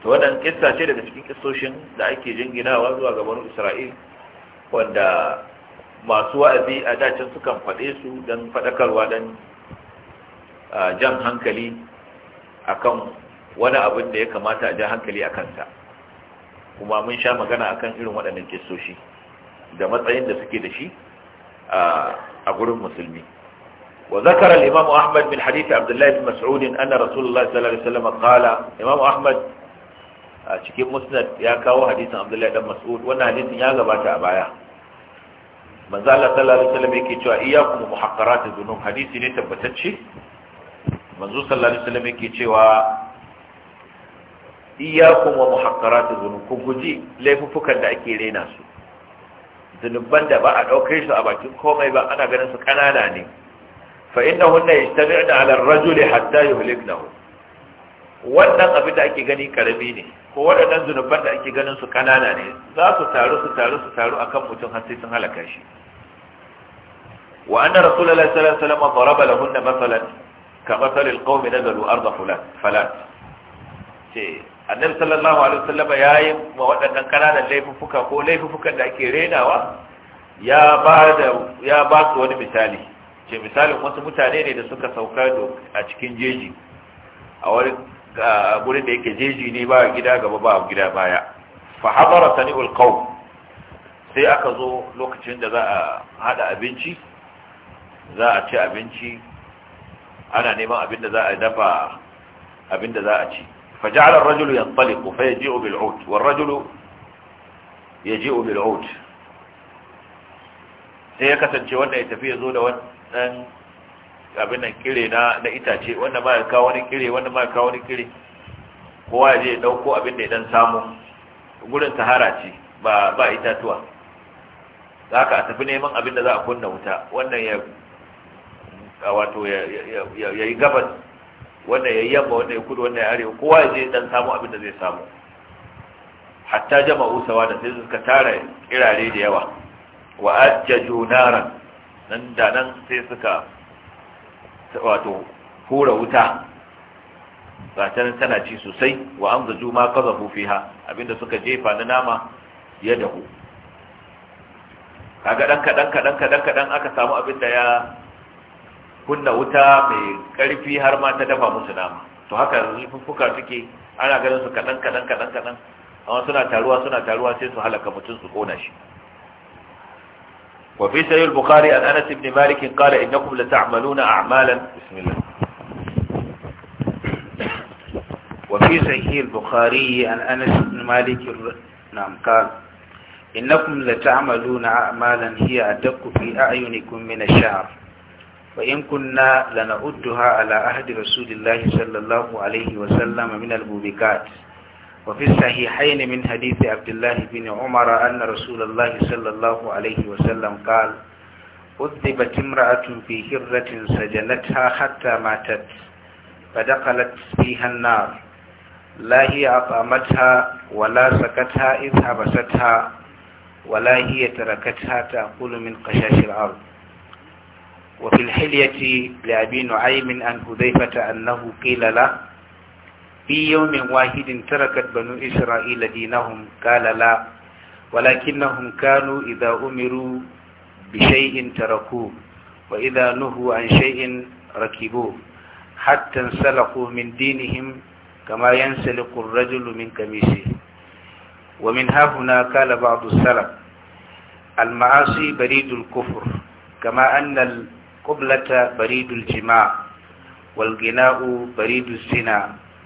ta waɗanda kista ce daga cikin kistoshin da ake jinginawa zuwa gaban isra'il wanda masu wa'azi a dacin sukan faɗe su don faɗakarwa don jan hankali akan wani abin da ya kamata a jan hankali a kansa kuma mun sha magana akan irin waɗannan kistoshi da matsayin da suke da shi a gurin musulmi وذكر الإمام أحمد من حديث عبد الله بن مسعود أن رسول الله صلى الله عليه وسلم قال إمام أحمد cikin musnad ya kawo hadisin Abdullahi dan Mas'ud wannan hadisin ya gabata a baya manzo Allah sallallahu alaihi wasallam yake cewa iyyakum muhaqqarat dhunub hadisi ne tabbatacce manzo sallallahu alaihi wasallam yake cewa iyyakum wa muhaqqarat dhunub ku guji laifukan da ake rena su zunuban da ba a ɗaukar su a bakin komai ba ana ganin su ƙanana ne fa innahunna yastami'na 'ala ar-rajuli hatta yuhliknahu wannan abin da ake gani karami ne ko waɗannan zunuban da ake ganin su kanana ne za su taru su taru su taru akan mutum har sai sun halaka shi wa anna rasulullahi sallallahu alaihi wasallam daraba lahunna masalan ka masalil qaumi nazalu arda fulan falat ce annabi sallallahu alaihi wasallam yayi ma waɗannan kananan laifuka ko laifukan da ake renawa ya ba da ya ba su wani misali ce misalin wasu mutane ne da suka sauka a cikin jeji a wani gurin da yake jeji ne ba gida gaba ba gida baya fa hadara sani'ul qaum sai aka zo lokacin da za a hada abinci za a ci abinci ana neman abin da za a dafa abin da za a ci fa ja'ala ar tsali. yantaliqu ya yaji'u bil 'ud war-rajulu yaji'u bil 'ud sai ya kasance wanda ya tafi ya zo da wani. dan abin nan kire na na itace wanda ba ya kawo wani kire wanda ba ya kawo wani kire kowa ya je ya dauko abin da ya dan samu gurin sahara ce ba ba itatuwa haka a tafi neman abin da za a kunna wuta wannan ya wato ya yi gabas wannan ya yi yamma wannan ya kudu wannan ya arewa kowa ya je dan samu abin da zai samu hatta jama'u sawa da sai suka tara kirare da yawa wa ajjaju naran nan da nan sai suka wato hura wuta ba ta nan tana ci sosai wa an zaju ma kaza fiha abinda suka jefa na nama ya dahu kaga dan kadan kadan kadan kadan aka samu abinda ya kunna wuta mai karfi har ma ta dafa musu nama to haka rufuffuka suke ana ganin su kadan kadan kadan kadan amma suna taruwa suna taruwa sai su halaka mutum su kona shi وفي سير البخاري أن أنس بن مالك قال إنكم لتعملون أعمالا بسم الله وفي صحيح البخاري أن أنس بن مالك نعم قال إنكم لتعملون أعمالا هي أدق في أعينكم من الشعر وإن كنا لنعدها على عهد رسول الله صلى الله عليه وسلم من المبكات وفي الصحيحين من حديث عبد الله بن عمر أن رسول الله صلى الله عليه وسلم قال أذبت امرأة في هرة سجنتها حتى ماتت فدخلت فيها النار لا هي أطعمتها ولا سكتها إذ حبستها ولا هي تركتها تأكل من قشاش الأرض وفي الحلية لأبي نعيم أن حذيفة أنه قيل له في يوم واحد تركت بنو إسرائيل دينهم قال لا ولكنهم كانوا إذا أمروا بشيء تركوه وإذا نهوا عن شيء ركبوه حتى انسلقوا من دينهم كما ينسلق الرجل من قميصه ومن ها هنا قال بعض السلف المعاصي بريد الكفر كما أن القبلة بريد الجماع والغناء بريد الزنا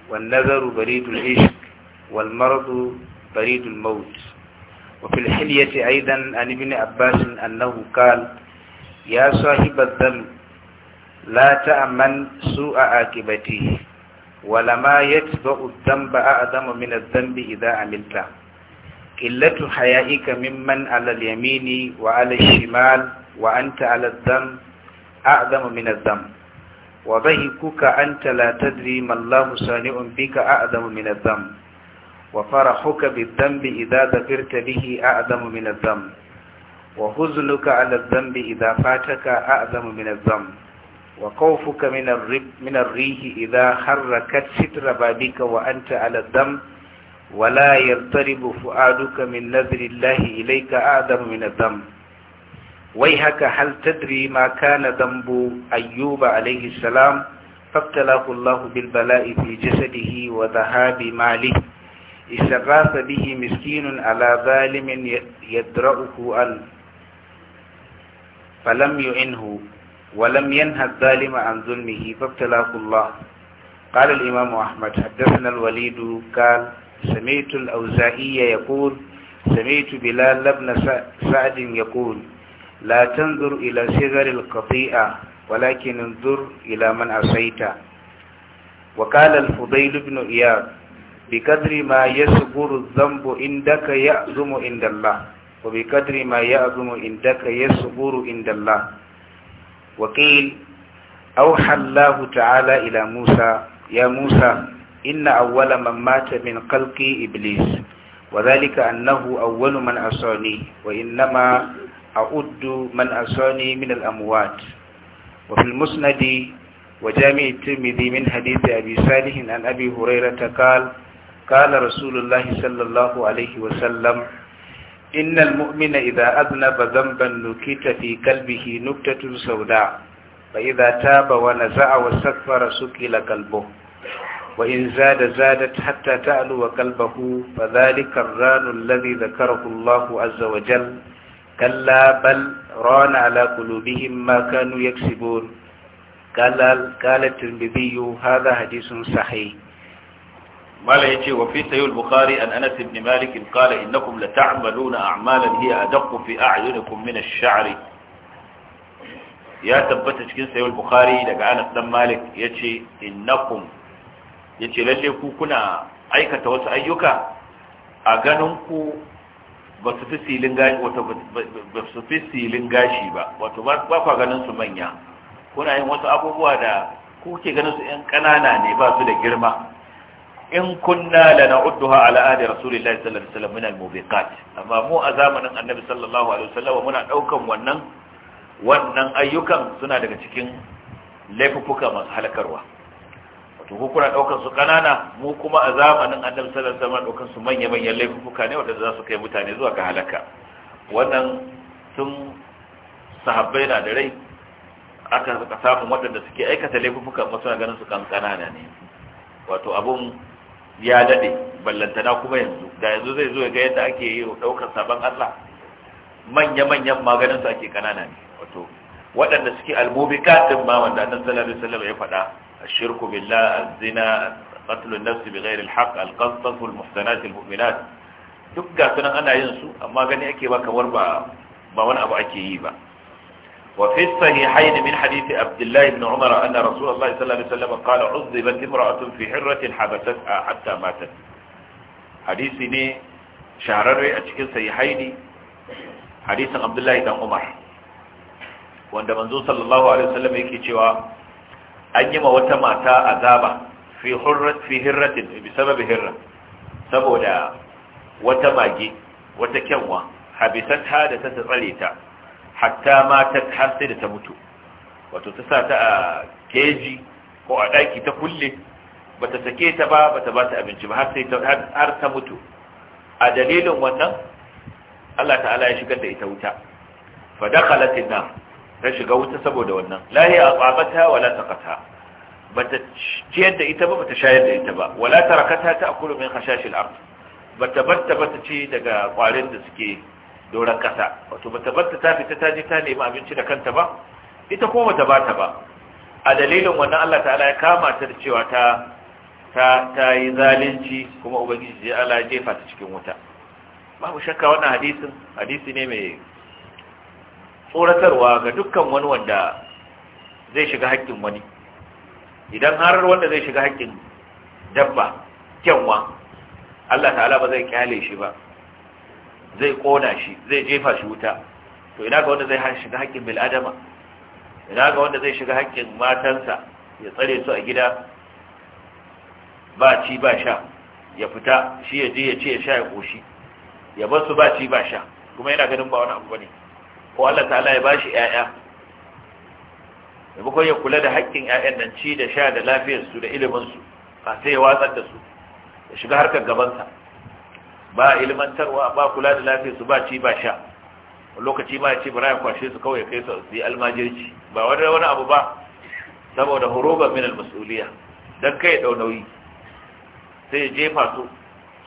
والنذر بريد العشق والمرض بريد الموت وفي الحلية أيضا عن ابن عباس أنه قال يا صاحب الذنب لا تأمن سوء عاقبته ولما يتبع الذنب أعظم من الذنب إذا عملته قلة حيائك ممن على اليمين وعلى الشمال وأنت على الذنب أعظم من الذنب وضيكك أنت لا تدري ما الله صانع بك أعظم من الذنب وفرحك بالذنب إذا ذكرت به أعظم من الذنب وحزنك على الذنب إذا فاتك أعظم من الذنب وخوفك من الرب من الريح إذا حركت ستر بابك وأنت على الذنب ولا يضطرب فؤادك من نذر الله إليك أعظم من الذنب ويهك هل تدري ما كان ذنب أيوب عليه السلام فابتلاه الله بالبلاء في جسده وذهاب ماله استغاث به مسكين على ظالم يدرأه أن فلم يعنه ولم ينهى الظالم عن ظلمه فابتلاه الله قال الإمام أحمد حدثنا الوليد قال سمعت الأوزائي يقول سمعت بلال بن سعد يقول لا تنظر إلى صغر القطيئة ولكن انظر إلى من عصيت وقال الفضيل بن إياد بقدر ما يصبر الذنب عندك يعظم عند الله وبقدر ما يعظم عندك يصبر عند الله وقيل أوحى الله تعالى إلى موسى يا موسى إن أول من مات من خلقي إبليس وذلك أنه أول من أصاني وإنما أعد من أصاني من الأموات وفي المسند وجامع الترمذي من حديث أبي صالح عن أبي هريرة قال قال رسول الله صلى الله عليه وسلم إن المؤمن إذا أذنب ذنبا نكت في قلبه نكتة سوداء فإذا تاب ونزع واستغفر سكل قلبه وإن زاد زادت حتى تعلو قلبه فذلك الران الذي ذكره الله عز وجل كلا بل ران على قلوبهم ما كانوا يكسبون قال قال الترمذي هذا حديث صحيح ما يجي وفي سيو البخاري أن أنس بن مالك قال إنكم لتعملون أعمالا هي أدق في أعينكم من الشعر يا تبت cikin sayo al-bukhari daga Anas dan Malik yace innakum yace lalle ku kuna aikata wasu ayyuka a ganin ku ba su fi silin gashi ba wato ba kwa ganin su manya kuna yin wasu abubuwa da kuke ganin su yan kanana ne ba su da girma in kunna lana'udduha ala ahli rasulillahi sallallahu alaihi wasallam min al-mubiqat amma mu a zamanin annabi sallallahu alaihi wasallam muna daukan wannan wannan ayyukan suna daga cikin laifuka masu halakarwa to ko kuna daukar su kanana mu kuma a zamanin annabi sallallahu alaihi wasallam daukar su manya manyan laifuka ne wanda za su kai mutane zuwa ga halaka wannan tun sahabbai na da rai aka saka samun waɗanda suke aikata laifuka amma suna ganin su kanana ne wato abun ya dade ballantana kuma yanzu da yanzu zai zo ga yadda ake yi daukar sabon Allah manya manyan maganin su ake kanana ne wato waɗanda suke katin ma wanda annabi sallallahu alaihi wasallam ya faɗa الشرك بالله الزنا قتل النفس بغير الحق القذف المحسنات المؤمنات duk ga sunan ana yin su amma gani ake ba kamar ba ba wani abu ake yi ba wa fi sahihayn min hadith Abdullah ibn Umar anna Rasulullah sallallahu alaihi wasallam qala uzzibat imra'atun fi hirratin habasatha hatta matat hadisi ne shahararre a cikin sahihayn hadisin Abdullah ibn Umar wanda manzo sallallahu alaihi wasallam yake cewa an yi ma wata mata azaba fi hurrat fi hirratin bi hirra saboda wata mage wata kyanwa habisat ha da ta tsare ta hatta matat har sai da ta mutu wato ta sa ta a keji ko a daki ta kulle ba ta sake ta ba bata ba ta abinci ba har sai ta mutu a dalilin wannan Allah ta'ala ya shigar da ita wuta fa dakhalat an ta shiga wuta saboda wannan lahi a tsabata wala ba bata ciyar da ita ba ba ta shayar da ita ba wala rakata ta akulu min hashashil ard bata batta ta ci daga kwarin da suke doran kasa wato bata batta ta fita ta je ta nemi abinci da kanta ba ita kuma bata bata ba a dalilin wannan Allah ta'ala ya kama ta da cewa ta ta ta yi zalunci kuma ubangiji ya Allah jefa ta cikin wuta babu shakka wannan hadisin hadisi ne mai tsoratarwa ga dukkan wani wanda zai shiga haƙƙin wani idan har wanda zai shiga haƙƙin dabba kyanwa Allah ta'ala ba zai kyale shi ba zai kona shi zai jefa shi wuta to ina ga wanda zai shiga haƙƙin bil'adama ina ga wanda zai shiga haƙƙin matansa ya tsare su a gida ba ci ba sha ya fita shi ya je ya ce ya sha ya ƙoshi ya bar su ba ci ba sha kuma yana ganin ba wani abu bane ne ko Allah ta'ala ya bashi ƴaƴa maimakon ya kula da haƙƙin ƴaƴan nan ci da sha da lafiyar su da su ba sai ya watsar da su ya shiga harkar gaban sa. ba ilmantarwa ba kula da lafiyar su ba ci ba sha lokaci ma ya ce bara ya kwashe su kawai kai su yi almajirci ba wani wani abu ba saboda horoba min almasuliya dan kai dau nauyi sai ya jefa su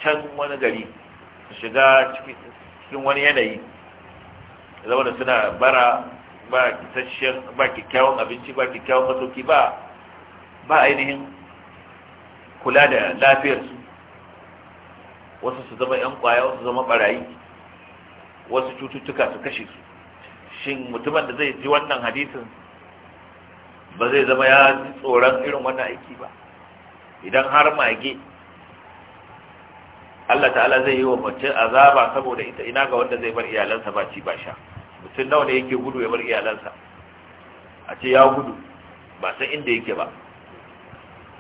can wani gari su shiga cikin wani yanayi zama da suna bara ba isasshen ba kyakkyawan abinci ba kyakkyawan matoki ba ba ainihin kula da lafiyarsu wasu su zama yan kwaya wasu zama barayi wasu cututtuka su kashe su shin mutumin da zai ji wannan hadisin ba zai zama ya ji tsoron irin wannan aiki ba idan har mage Allah ta'ala zai yi wa mutum azaba saboda ita ina ga wanda zai bar iyalansa ba ci ba sha mutum nawa ne yake gudu ya bar iyalansa a ce ya gudu ba san inda yake ba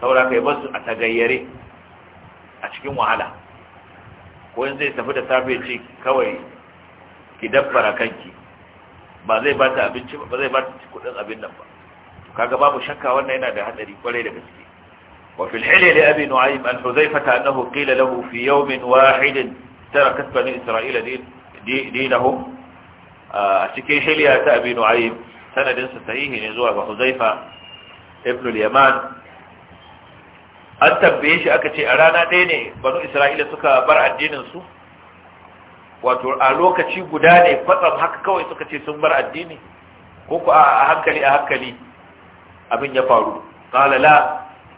saboda kai basu a tagayyare a cikin wahala ko in zai tafi da safe ce kawai ki dabbara kanki ba zai ba ta abinci ba zai ba ta kudin abin nan ba kaga babu shakka wannan yana da hadari kwarai da gaske وفي الحلي لأبي نعيم أن حذيفة أنه قيل له في يوم واحد تركت بني إسرائيل دينهم أشكي حلية أبي نعيم سند ستهيه نزوع وحذيفة ابن اليمان an tambaye shi aka ce a rana ɗaya ne banu isra'ila suka bar addininsu wato a lokaci guda ne fatsam haka kawai suka ce sun bar addini ko ku a hankali a hankali abin ya faru qala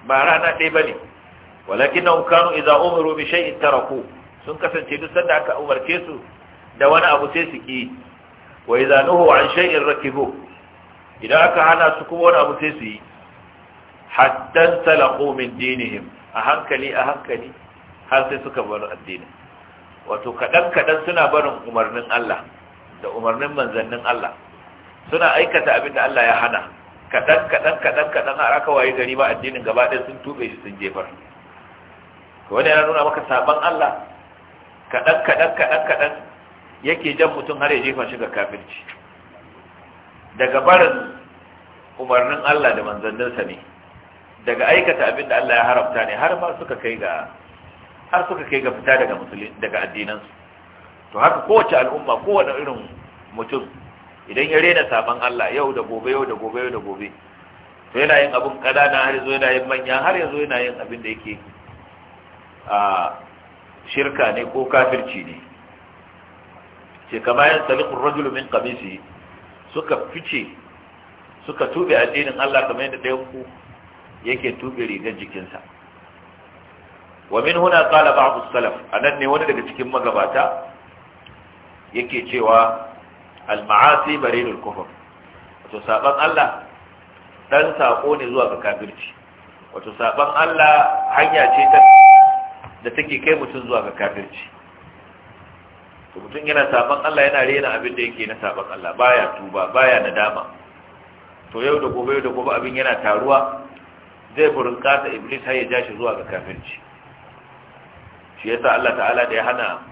ba rana ɗaya bane walakin na kanu idan umiru bi shay'in taraku sun kasance duk sanda aka umarce su da wani abu sai su ki wa idza nuhu an shay'in rakibu idan aka hana su kuma wani abu sai su yi hatta talaqu min dinihim a hankali a hankali har sai suka bar addini wato kaɗan-kaɗan suna barin umarnin Allah da umarnin manzannin Allah suna aikata abin da Allah ya hana kaɗan kaɗan kaɗan kadan har aka waye gari ba addinin gaba ɗaya sun tube shi sun jefar wani yana nuna maka saban Allah kaɗan kaɗan kaɗan kaɗan yake jan mutum har ya jefa shi ga kafirci daga barin umarnin Allah da manzanninsa ne daga aikata abin da Allah ya haramta ne har ma suka kai ga har suka kai ga fita daga musulmi daga addinansu to haka kowace al'umma kowane irin mutum idan ya rena sabon Allah yau da gobe yau da gobe yau da gobe to yana yin abun kadana har yanzu yana yin manya har yanzu yana yin abin da yake a shirka ne ko kafirci ne ce kama yan salikun rajulu min kamisi suka fice suka tube addinin Allah kamar yadda ɗayan ku yake tube rigar jikinsa wa min huna qala ba'd as-salaf nan ne wani daga cikin magabata yake cewa al-ma'asi barinul kufur wato saban Allah dan sako ne zuwa ga kafirci wato saban Allah hanya ce ta da take kai mutum zuwa ga kafirci to mutum yana saban Allah yana rena abin da yake na saban Allah baya tuba baya nadama to yau da gobe yau da gobe abin yana taruwa zai burin kasa iblis har ya ja shi zuwa ga kafirci shi yasa Allah ta'ala da ya hana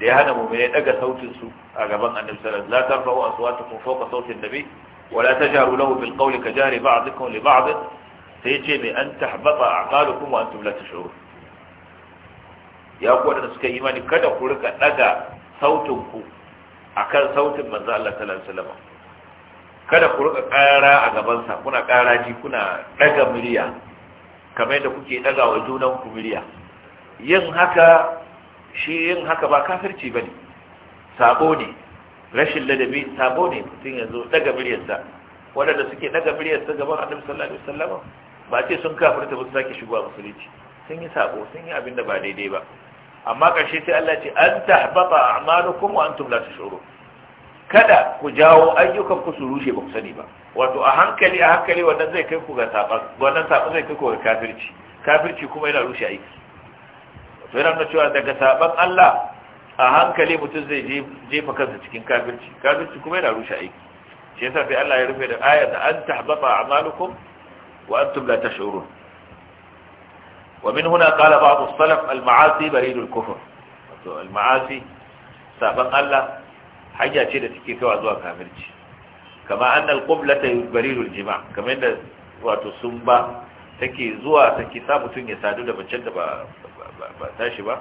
da ya hana mu'mini daga sautin su a gaban annabi sallallahu alaihi wasallam la tarfa'u aswatukum fawqa sawti an-nabi wa la tajharu lahu bil qawli ka jari ba'dikum li ba'd sai yace mai an tahbata aqalukum wa antum la tash'urun ya ku da suka imani kada ku rika daga sautin ku akan sautin manzo Allah sallallahu alaihi wasallam kada ku rika kara a gaban sa kuna kara ji kuna daga murya kamar yadda kuke daga wa junan ku murya yin haka shi yin haka ba kafirci ne sabo ne rashin ladabi sabo ne mutum ya zo daga muryarsa waɗanda suke daga muryarsa gaban annabi sallallahu alaihi wasallam ba ce sun kafirta ba su sake shigowa musulunci sun yi sabo sun yi abin da ba daidai ba amma ƙarshe sai Allah ce an tahbata a'malukum wa antum la shoro. kada ku jawo ayyukan ku su rushe ba ku sani ba wato a hankali a hankali wannan zai kai ku ga saban wannan saban zai kai ku ga kafirci kafirci kuma yana rushe aiki to yana cewa daga saban Allah a hankali mutum zai jefa kansa cikin kafirci kafirci kuma yana rushe aiki shi yasa sai Allah ya rufe da ayar da an tahbata a'malukum wa antum la tash'urun wa min huna qala ba'd as-salaf al-ma'asi barid al-kufr to al-ma'asi saban Allah hanya ce da take kaiwa zuwa kafirci kama anna al-qiblata barid al-jima' kamar yadda wato sun ba take zuwa take sa mutum ya sadu da mace da ba ba tashi ba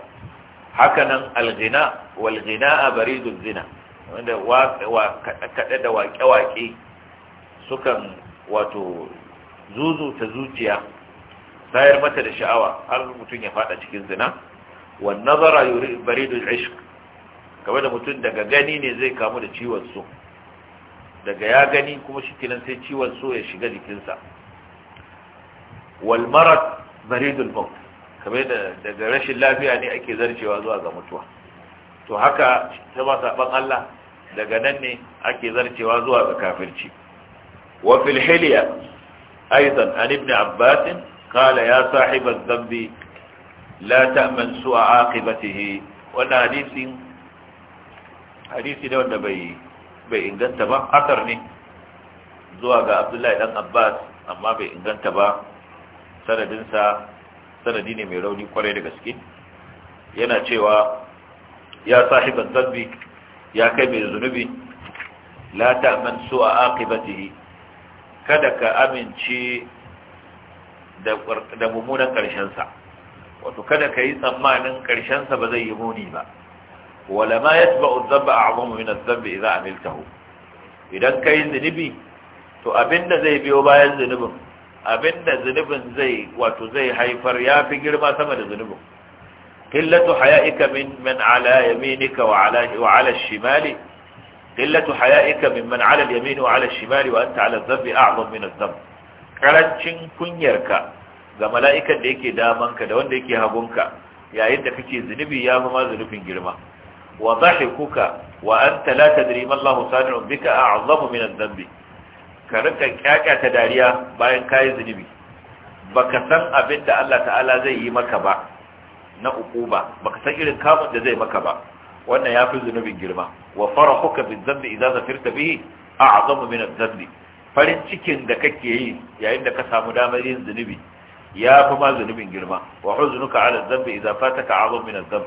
hakanan alghina wal ghina'a bariduz zina wanda wa kada da waƙe-waƙe sukan wato zuzu ta zuciya sayar mata da sha'awa har mutum ya fada cikin zina wan nazara baridul ishq kamar da mutum daga gani ne zai kamu da ciwon so daga ya gani kuma shi kinan sai ciwon so ya shiga jikinsa wal marad baridul kamar da daga rashin lafiya ne ake zarcewa zuwa ga mutuwa to haka sama saban Allah daga nan ne ake zarcewa zuwa ga kafirci wa fil hilya aidan an ibn abbas qala ya sahib adh la ta'man su'a aqibatihi wannan hadisin hadisi ne wanda bai bai inganta ba asar ne zuwa ga abdullahi dan abbas amma bai inganta ba sanadinsa sanadi ne mai rauni kwarai da gaske yana cewa ya sahiban zambi ya kai mai zunubi la ta'man su'a aqibatihi kada ka amince da mummunan ƙarshensa wato kada ka yi tsammanin ƙarshensa ba zai yi muni ba wala ma ya taba zamba a abubuwan min azzamba idan amiltahu idan ka yi zunubi to abinda zai biyo bayan zunubin abinda zunubin zai wato zai haifar ya fi girma sama da zunubin qillatu haya'ika min man ala yaminika wa ala wa ala shimali qillatu haya'ika min man ala al-yamin wa ala shimali wa anta ala dhanbi a'zam min adh-dhanb karancin kunyarka ga mala'ikan da yake damanka da wanda yake hagunka yayin da kake zunubi ya fi ma zunubin girma wa dhahikuka wa anta la tadri ma Allahu sani'un bika a'zamu min adh-dhanbi ka rinka kyakya ta dariya bayan kayi zunubi baka san abin da Allah ta'ala zai yi maka ba na ukuba baka san irin kamun da zai maka ba wannan yafi zunubin girma wa farahuka bi dhanbi idza zafirta bihi a'zamu min adh-dhanbi farin cikin da kake yi yayin da ka samu damar yin zunubi yafi ma zunubin girma wa huznuka 'ala adh-dhanbi idza fataka 'azamu min adh-dhanb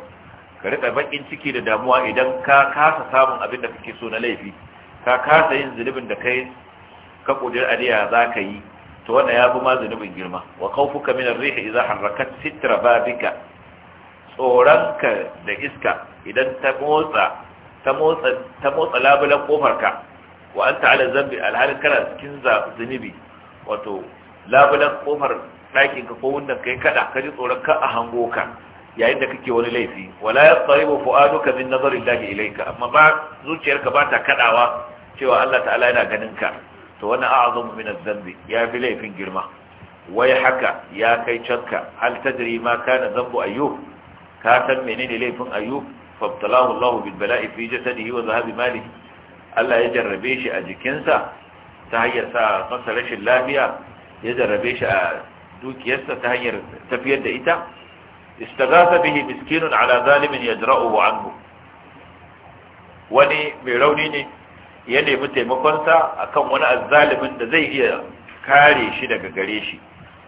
ka rika bakin ciki da damuwa idan ka kasa samun abin da kake so na laifi ka kasa yin zunubin da kai ka kudir aniya za ka yi to ya fi ma zunubin girma wa khawfuka min ar-rih harakat sitra babika tsoranka da iska idan ta motsa ta motsa ta motsa labulan kofarka wa anta ala zambi alhal kana cikin zunubi wato labulan kofar ɗakin ka ko wundan kai kada ka ji tsoron ka a hango ka yayin da kake wani laifi wala yastaribu fu'aduka min nazari llahi ilayka amma ba zuciyarka ba ta kadawa cewa Allah ta'ala yana ganin ka وانا اعظم من الذنب يا بلي في الجرمة ويحكى يا كي تشكى هل تدري ما كان ذنب ايوب كاتم منين لي فين ايوب فابتلاه الله بالبلاء في جسده وذهب ماله الا يجر بيش اجكنسا تهي سا قصرش اللابية يجر بيش دوك يسا تهي تفيد ايتا استغاث به مسكين على ظالم يجرؤه عنه وني بيروني ya nemi taimakonsa akan wani azzalimin da zai iya kare shi daga gare shi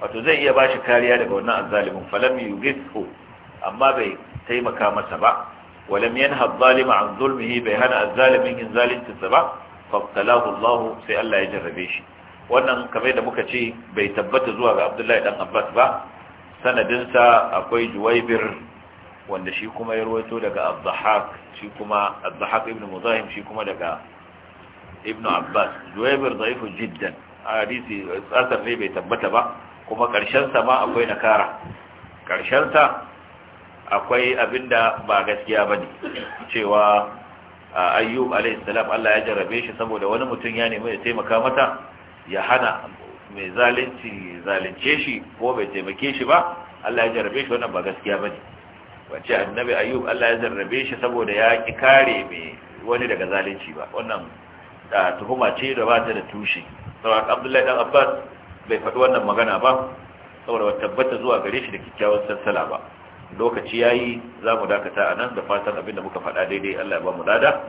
wato zai iya ba shi kariya daga wannan azzalimin falam yughithu amma bai taimaka masa ba walam yanha adh-dhalima zulmihi bai hana azzalimin yin zalintinsa ba faqtalahu Allah sai Allah ya jarrabe shi wannan kamar da muka ce bai tabbata zuwa ga Abdullahi dan Abbas ba sanadinsa akwai Juwaybir wanda shi kuma ya daga Az-Zahhak shi kuma ibn Muzahim shi kuma daga ibn abbas juwaibir da'ifu jiddan a hadisi tsasar ne bai tabbata ba kuma sa ma akwai nakara sa akwai abinda ba gaskiya ba ne cewa ayyub alaihissalam allah ya jarrabe shi saboda wani mutum ya nemi ya taimaka mata ya hana mai zalunci zalunce shi ko bai taimake shi ba allah ya jarrabe shi wannan ba gaskiya ba ne wace annabi ayyub allah ya jarrabe shi saboda ya ki kare mai wani daga zalunci ba wannan da tuhuma ce da ba ta da tushe saboda abdullahi dan abbas bai faɗi wannan magana ba saboda ba tabbata zuwa gare shi da kyakkyawan sassala ba lokaci ya yi za mu dakata a nan da fatan abin da muka faɗa daidai Allah ya ba mu dada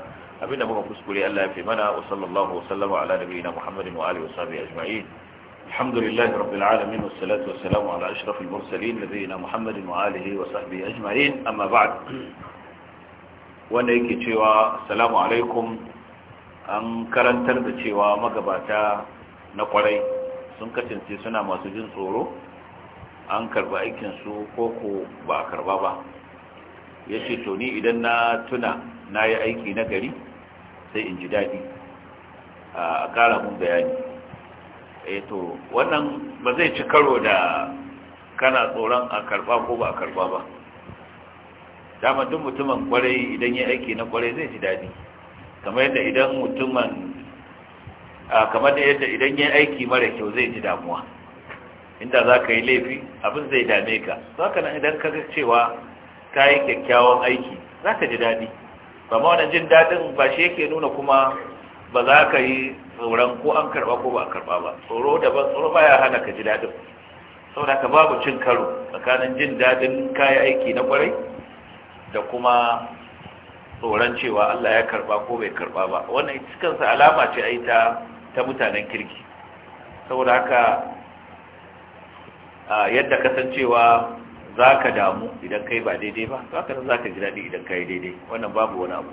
abin da muka kuskure Allah ya fi mana wa sallallahu wa sallama ala nabiyina muhammadin wa alihi wa sahbihi ajma'in wa لله رب العالمين والصلاة والسلام على أشرف المرسلين نبينا محمد وآله وصحبه أجمعين amma بعد wanda yake cewa assalamu alaikum an karantar da cewa magabata na kwarai sun kasance suna masu jin tsoro an karba aikinsu ko ko ba a karba ba ya ce to ni idan na tuna na yi aiki na gari sai in ji daɗi a ƙara mun bayani e to wannan ba zai ci karo da kana tsoron a karba ko ba a karba ba dama duk mutumin kwarai idan ya aiki na kwarai zai ji daɗi kamar yadda idan mutumin kamar da yadda idan yi aiki mara kyau zai ji damuwa inda za ka yi laifi abin zai dame ka za ka nan idan ka cewa ka yi kyakkyawan aiki za ka ji daɗi ba ma wani jin daɗin ba shi yake nuna kuma ba za ka yi tsoron ko an karɓa ko ba a karɓa ba tsoro daban tsoro ba ya hana ka ji daɗin saboda ka babu cin karo tsakanin jin daɗin yi aiki na kwarai da kuma tsoron cewa Allah ya karba ko bai karba ba wannan cikinsa alama ce ai ta ta mutanen kirki saboda haka yadda kasancewa za ka damu idan kai ba daidai ba za ka za ka ji daɗi idan kai daidai wannan babu wani abu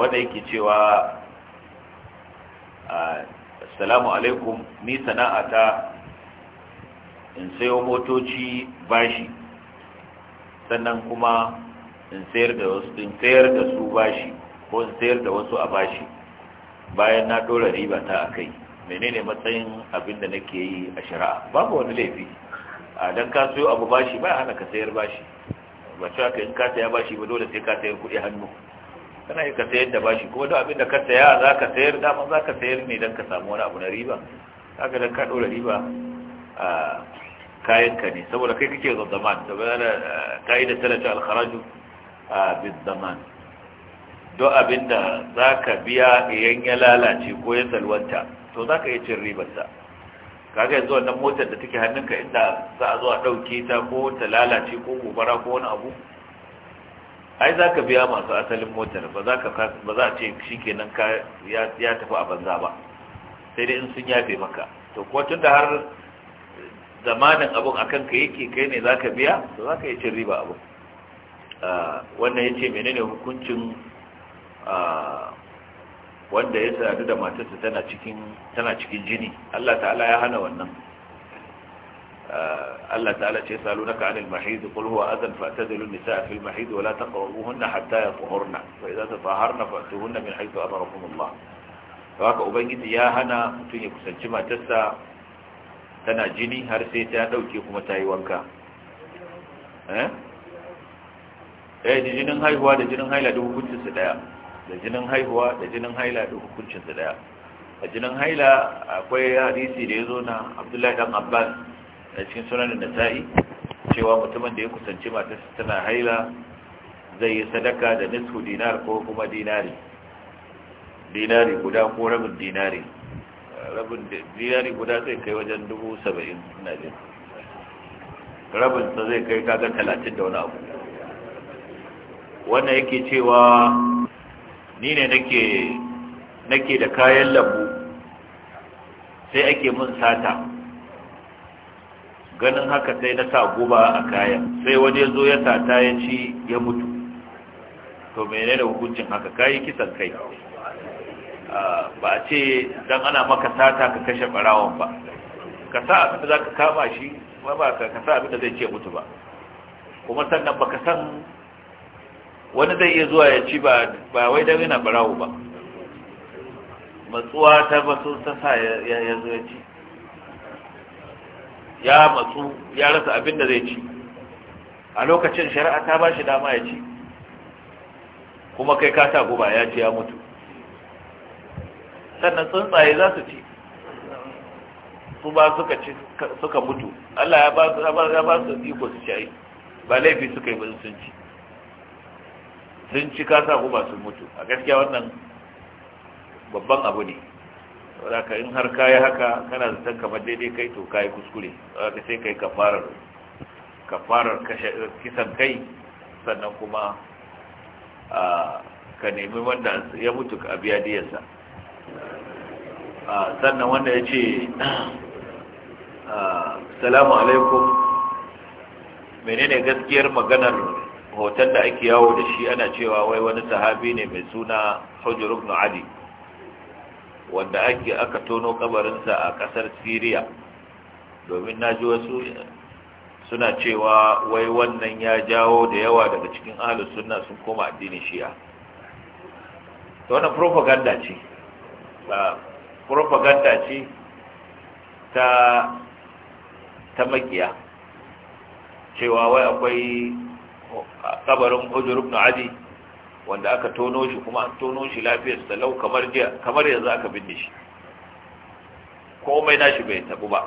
wanda yake cewa assalamu alaikum ni sana'ata in sayo motoci bashi sannan kuma in sayar da wasu in sayar da su bashi ko in sayar da wasu a bashi bayan na dora riba ta kai. menene matsayin abin da nake yi a shari'a babu wani laifi a dan ka sayo abu bashi ba hana ka sayar bashi ba cewa ka in ka saya bashi ba dole sai ka sayar kuɗi hannu kana yi ka sayar da bashi kuma duk abin da ka saya za ka sayar dama za ka sayar ne don ka samu wani abu na riba haka don ka ɗora riba a kayanka ne saboda kai kake zama saboda eh, ka yi da talata alkharaju a don abin abinda za ka biya idan ya lalace ko ya salwanta to za ka yi cin ribarsa kaga yanzu wannan motar da take hannunka inda za a zo a ɗauke ta ko ta lalace ko gobara ko wani abu ai za ka biya masu asalin motar ba za a ce shi kenan ya tafi a banza ba sai dai in sun yafe maka to kuwa tun da har zamanin abun akan ka yake kai ne za ka biya to za ka yi cin riba abun wannan ya ce menene hukuncin wanda ya sadu da matarsa tana cikin jini Allah ta'ala ya hana wannan Allah ta'ala ce salu naka anil kulhuwa azan fata zilun nisa a fil wala ta la hunna hatta ya yatahurna wa na fata hunna min a barakun Allah waka ubangiji ya hana mutum ya kusanci matarsa tana jini har sai ta dauke kuma ta yi wanka eh eh da jinin haihuwa da jinin haila da hukuncin su daya da jinin haihuwa da jinin haila da hukuncin su daya a jinin haila akwai hadisi da yazo na Abdullahi dan Abbas a cikin sunan Nasa'i cewa mutumin da ya kusanci matarsa tana haila zai yi sadaka da nisfu dinar ko kuma dinari dinari guda ko rabin dinari rabin dinari guda zai kai wajen dubu saba'in na jin rabin sa zai kai kaga talatin da wani abu wannan yake cewa ni ne nake nake da kayan lambu sai ake mun sata ganin haka sai na sa guba a kayan sai wani ya zo ya sata ya ci ya mutu to da hukuncin haka kayi kisan kai ba a ce don ana maka sata ka kashe barawon ba ka sa abin da za ka kama shi ba ka sa abin da zai ce mutu ba kuma sannan ba ka san wani zai iya zuwa ya ci ba wai don yana barawo ba matsuwa ta basu ta sa ya zo ya ci ya matsu ya rasa abin da zai ci a lokacin shari'a ta ba shi dama ya ci kuma kai ka sa guba ya ci ya mutu sannan tsuntsaye za su ci su ba suka ci suka mutu Allah ya ba su iko su ci ba laifi suka yi ba sun ci sun ci kasa kuma sun mutu a gaskiya wannan babban abu ne wadaka in har kayi haka kana zaton kamar daidai kai to kayi kuskure wadaka sai kai kafarar kafarar kisan kai sannan kuma ka nemi wanda ya mutu a biya diyarsa sannan wanda ya ce salamu alaikum menene gaskiyar maganar hoton da ake yawo da shi ana cewa wai wani sahabi ne mai suna hujjar ibn adi wanda ake aka tono kabarinsa a kasar syria domin na ji wasu suna cewa wai wannan ya jawo da yawa daga cikin ahalus sunna sun koma addinin shi'a ta wannan propaganda ce ba propaganda ce ta ta makiya cewa wai akwai kabarin hujjar ibn adi wanda aka tono shi kuma an tono shi lafiyar salau kamar jiya kamar yanzu aka binne shi komai nashi bai tabu ba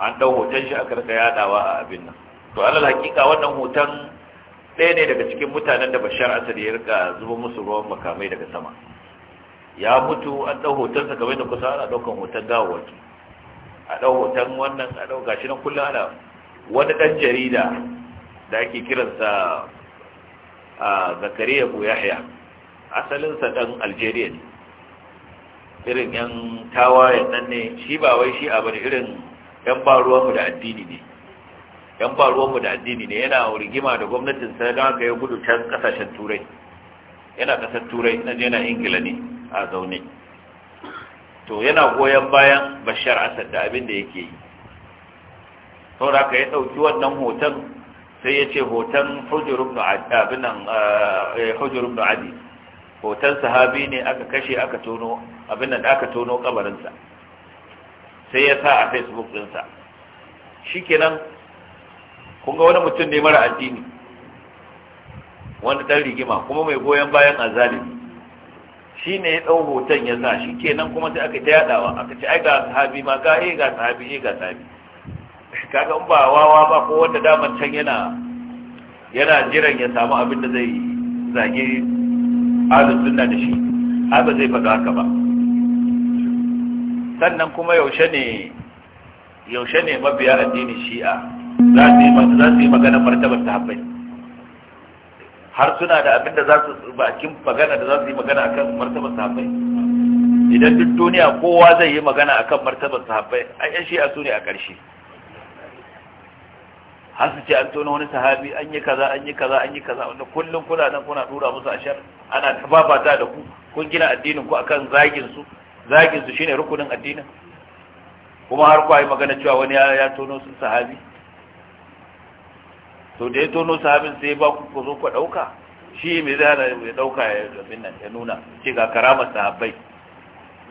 an dau hoton shi aka rika yadawa a abin nan to alal hakika wannan hoton ɗaya ne daga cikin mutanen da bashar asad ya rika zuba musu ruwan makamai daga sama ya mutu an dau hoton sa kamar da kusa ana daukan hoton gawawaki a dau hoton wannan a dau gashi nan kullum ana wani dan jarida da ake kiransa a zakariya ko yahya asalinsa ɗan algeria ne irin yan tawayen nan ne shi ba wai shi abu da irin yan ba da addini ne yan ba da addini ne yana rigima da gwamnatin sai don haka ya gudu can kasashen turai yana kasar turai na jana ingila ne a zaune to yana goyon bayan bashar asad da abin da yake yi saboda haka ya ɗauki wannan hoton sai ya ce hoton hujjar ibn abin nan eh, eh, ibn adi hoton sahabi ne aka kashe aka tono abin nan aka tono kabarinsa sai ya sa a facebook sa shikenan kun ga wani mutum ne mara addini wani dan rigima kuma mai goyon bayan azalimi shi ne ya ɗau hoton ya sa shi kenan kuma sai aka ta yaɗawa aka ce ai ga sahabi ma ga eh ga sahabi eh ga sahabi kaga in ba wawa ba ko wanda daman can yana yana jiran ya samu abin da zai zage ahlus sunna da shi ai ba zai faɗa haka ba sannan kuma yaushe ne yaushe ne mabiya addinin shi'a za su yi za su yi magana martabar haɓai? har suna da abin da za su bakin magana da za su yi magana akan martabar haɓai? idan duk duniya kowa zai yi magana akan martabar haɓai, ai yan shi'a su ne a ƙarshe har su ce an tono wani sahabi an yi kaza an yi kaza an yi kaza wanda kullum kuna nan kuna dura musu ashar ana tababata da ku kun gina addinin ku akan zagin su zagin su shine rukunin addinin kuma har ku ayi magana cewa wani ya tono su sahabi to da ya tono sahabin sai ba ku ku zo ku dauka shi me zai da ya dauka ya abin nan ya nuna ce ga karamar sahabbai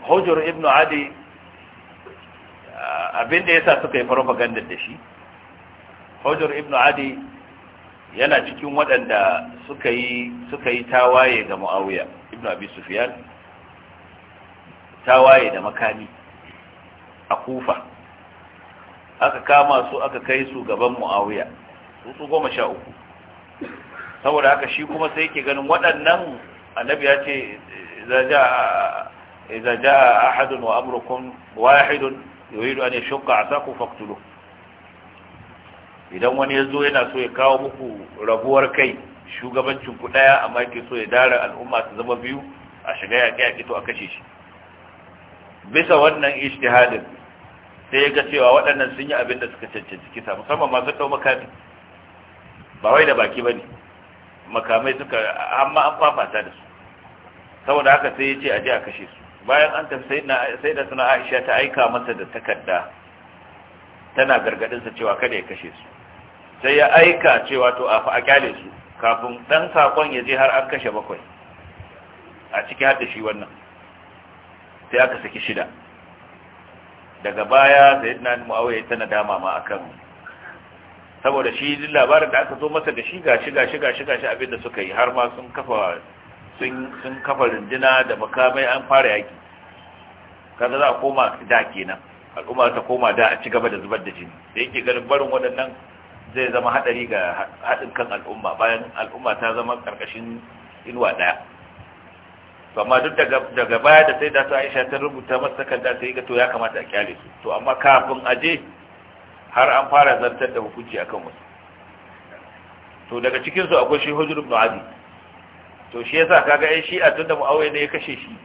hujur Ibnu Adi abin da yasa suka yi farfaganda da shi hujjar ibn adi yana cikin waɗanda suka yi suka tawaye ga muawiya ibn abi sufyan tawaye da makami a kufa aka kama su aka kai su gaban muawiya su su goma sha uku saboda haka shi kuma sai yake ganin waɗannan annabi ya ce idza jaa ahadun wa amrukum wahidun yuridu an yashqa asaku idan wani ya zo yana so ya kawo muku rabuwar kai shugabancin ku daya amma yake so ya dara al'umma su zama biyu a shiga yaƙi yaƙi to a kashe shi bisa wannan ijtihadin sai ya ga cewa waɗannan sun yi abin da suka cancanci kisa musamman masu kawo makami ba wai da baki bane makamai suka amma an fafata da su saboda haka sai ya ce a je a kashe su bayan an tafi sai da suna Aisha ta aika masa da takarda tana gargadinsa cewa kada ya kashe su sai ya aika cewa to a a kyale su kafin dan sakon ya je har an kashe bakwai a ciki har da shi wannan sai aka saki shida daga baya sayyidina muawiya ta nadama ma akan saboda shi din labarin da aka zo masa da shi gashi gashi gashi gashi abin da suka yi har ma sun kafa sun sun kafa runduna da makamai an fara yaki Kada za a koma da kenan al'umma ta koma da a ci gaba da zubar da jini da yake ganin barin waɗannan zai zama hadari ga haɗin kan al'umma bayan al'umma ta zama ƙarƙashin inuwa ɗaya amma duk daga baya da sai da ta aisha ta rubuta masu takarda ta yi ga to ya kamata a kyale su to amma kafin aje har an fara zartar da hukunci akan wasu to daga cikinsu akwai shi hujjar ibn to shi yasa kaga ai shi a tunda mu'awiya ne ya kashe shi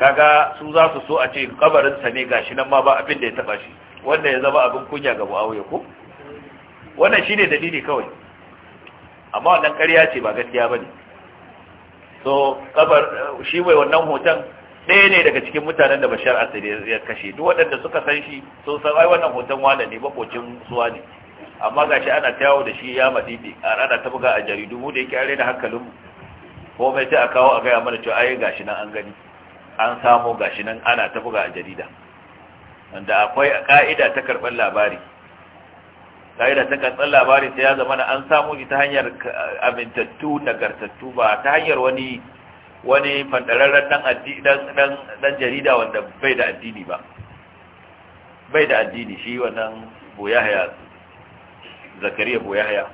kaga su za su so a ce kabarin sa ne gashi nan ma ba abin da ya taba shi wanda ya zama abin kunya ga mu'awiya ko wannan shi ne dalili kawai amma wannan ƙarya ce ba gaskiya ba ne. so kabar shi mai wannan hoton ɗaya ne daga cikin mutanen da bashar asiri ya kashe duk waɗanda suka san shi sun san ai wannan hoton wane ne makocin suwa ne amma ga shi ana tawo da shi ya madidi a rana ta buga a jaridu mu da yake are rena hankalin mu ko mai sai a kawo a gaya mana cewa ai gashi nan an gani an samo gashi nan ana ta buga a jarida wanda akwai ka'ida ta karɓar labari kai da takatsan labari sai ya zama na an samu shi ta hanyar eh, amintattu nagartattu ba ta hanyar wani wani fandararren dan addini dan dan jarida wanda bai da addini ba bai da addini shi wannan boyahaya zakariya boyahaya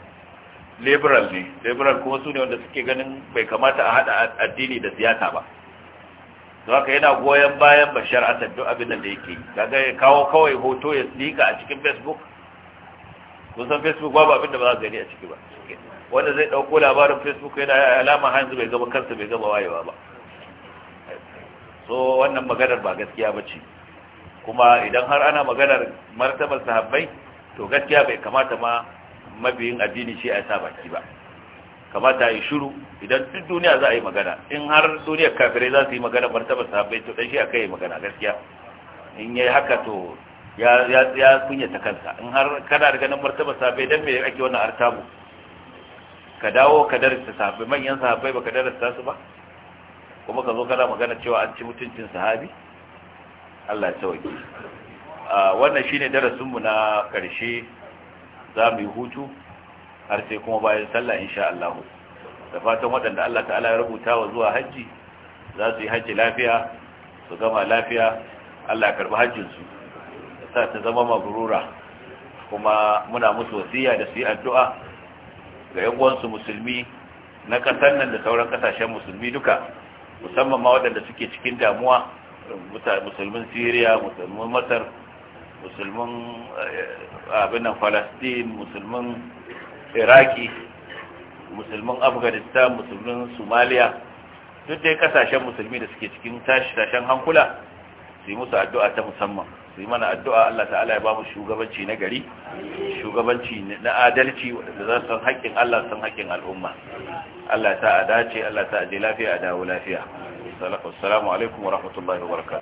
liberal ne liberal kuma su ne wanda suke ganin bai kamata a hada addini da siyasa ba don haka yana goyon bayan bashar asad duk abin da yake kaga ya kawo kawai hoto ya sika a cikin facebook kun san facebook babu abin da ba za gani a ciki ba wanda zai dauko labarin facebook yana alama har bai gama kansa bai gama wayewa ba so wannan maganar ba gaskiya ba ce kuma idan har ana maganar martabar sahabbai to gaskiya bai kamata ma mabiyin addini shi a sa baki ba kamata yi shiru idan duk duniya za a yi magana in har duniyar kafirai za su yi magana martabar sahabbai to dan shi yi magana gaskiya in yayi haka to ya ya kunyata kansa in har kana da ganin martaba safe dan me ake wannan artabu ka dawo ka darasta safe manyan sahabbai baka darasta su ba kuma ka zo kana magana cewa an ci mutuncin sahabi Allah ya tsawaki wannan shine darasin mu na karshe za mu yi hutu har sai kuma bayan sallah insha Allah da fatan waɗanda Allah ta'ala ya rubuta wa zuwa hajji, za su yi haji lafiya su gama lafiya Allah ya karbi hajjinsu. sa ta zama magurura kuma muna musu wasiya da su yi addu'a ga yankuwansu musulmi na ƙasar nan da sauran ƙasashen musulmi duka musamman ma waɗanda suke cikin damuwa musulmin Syria musulmin Masar musulmin eh, abin Falastin, musulmin Iraki musulmin Afghanistan musulmin Somalia duk dai kasashen musulmi da suke cikin tashi tashen hankula su yi musu addu'a ta musamman su yi mana addu'a Allah ta'ala ya ba mu shugabanci na gari shugabanci na adalci da za su san haƙƙin Allah san haƙƙin al'umma Allah ta'a dace Allah ta je lafiya a dawo lafiya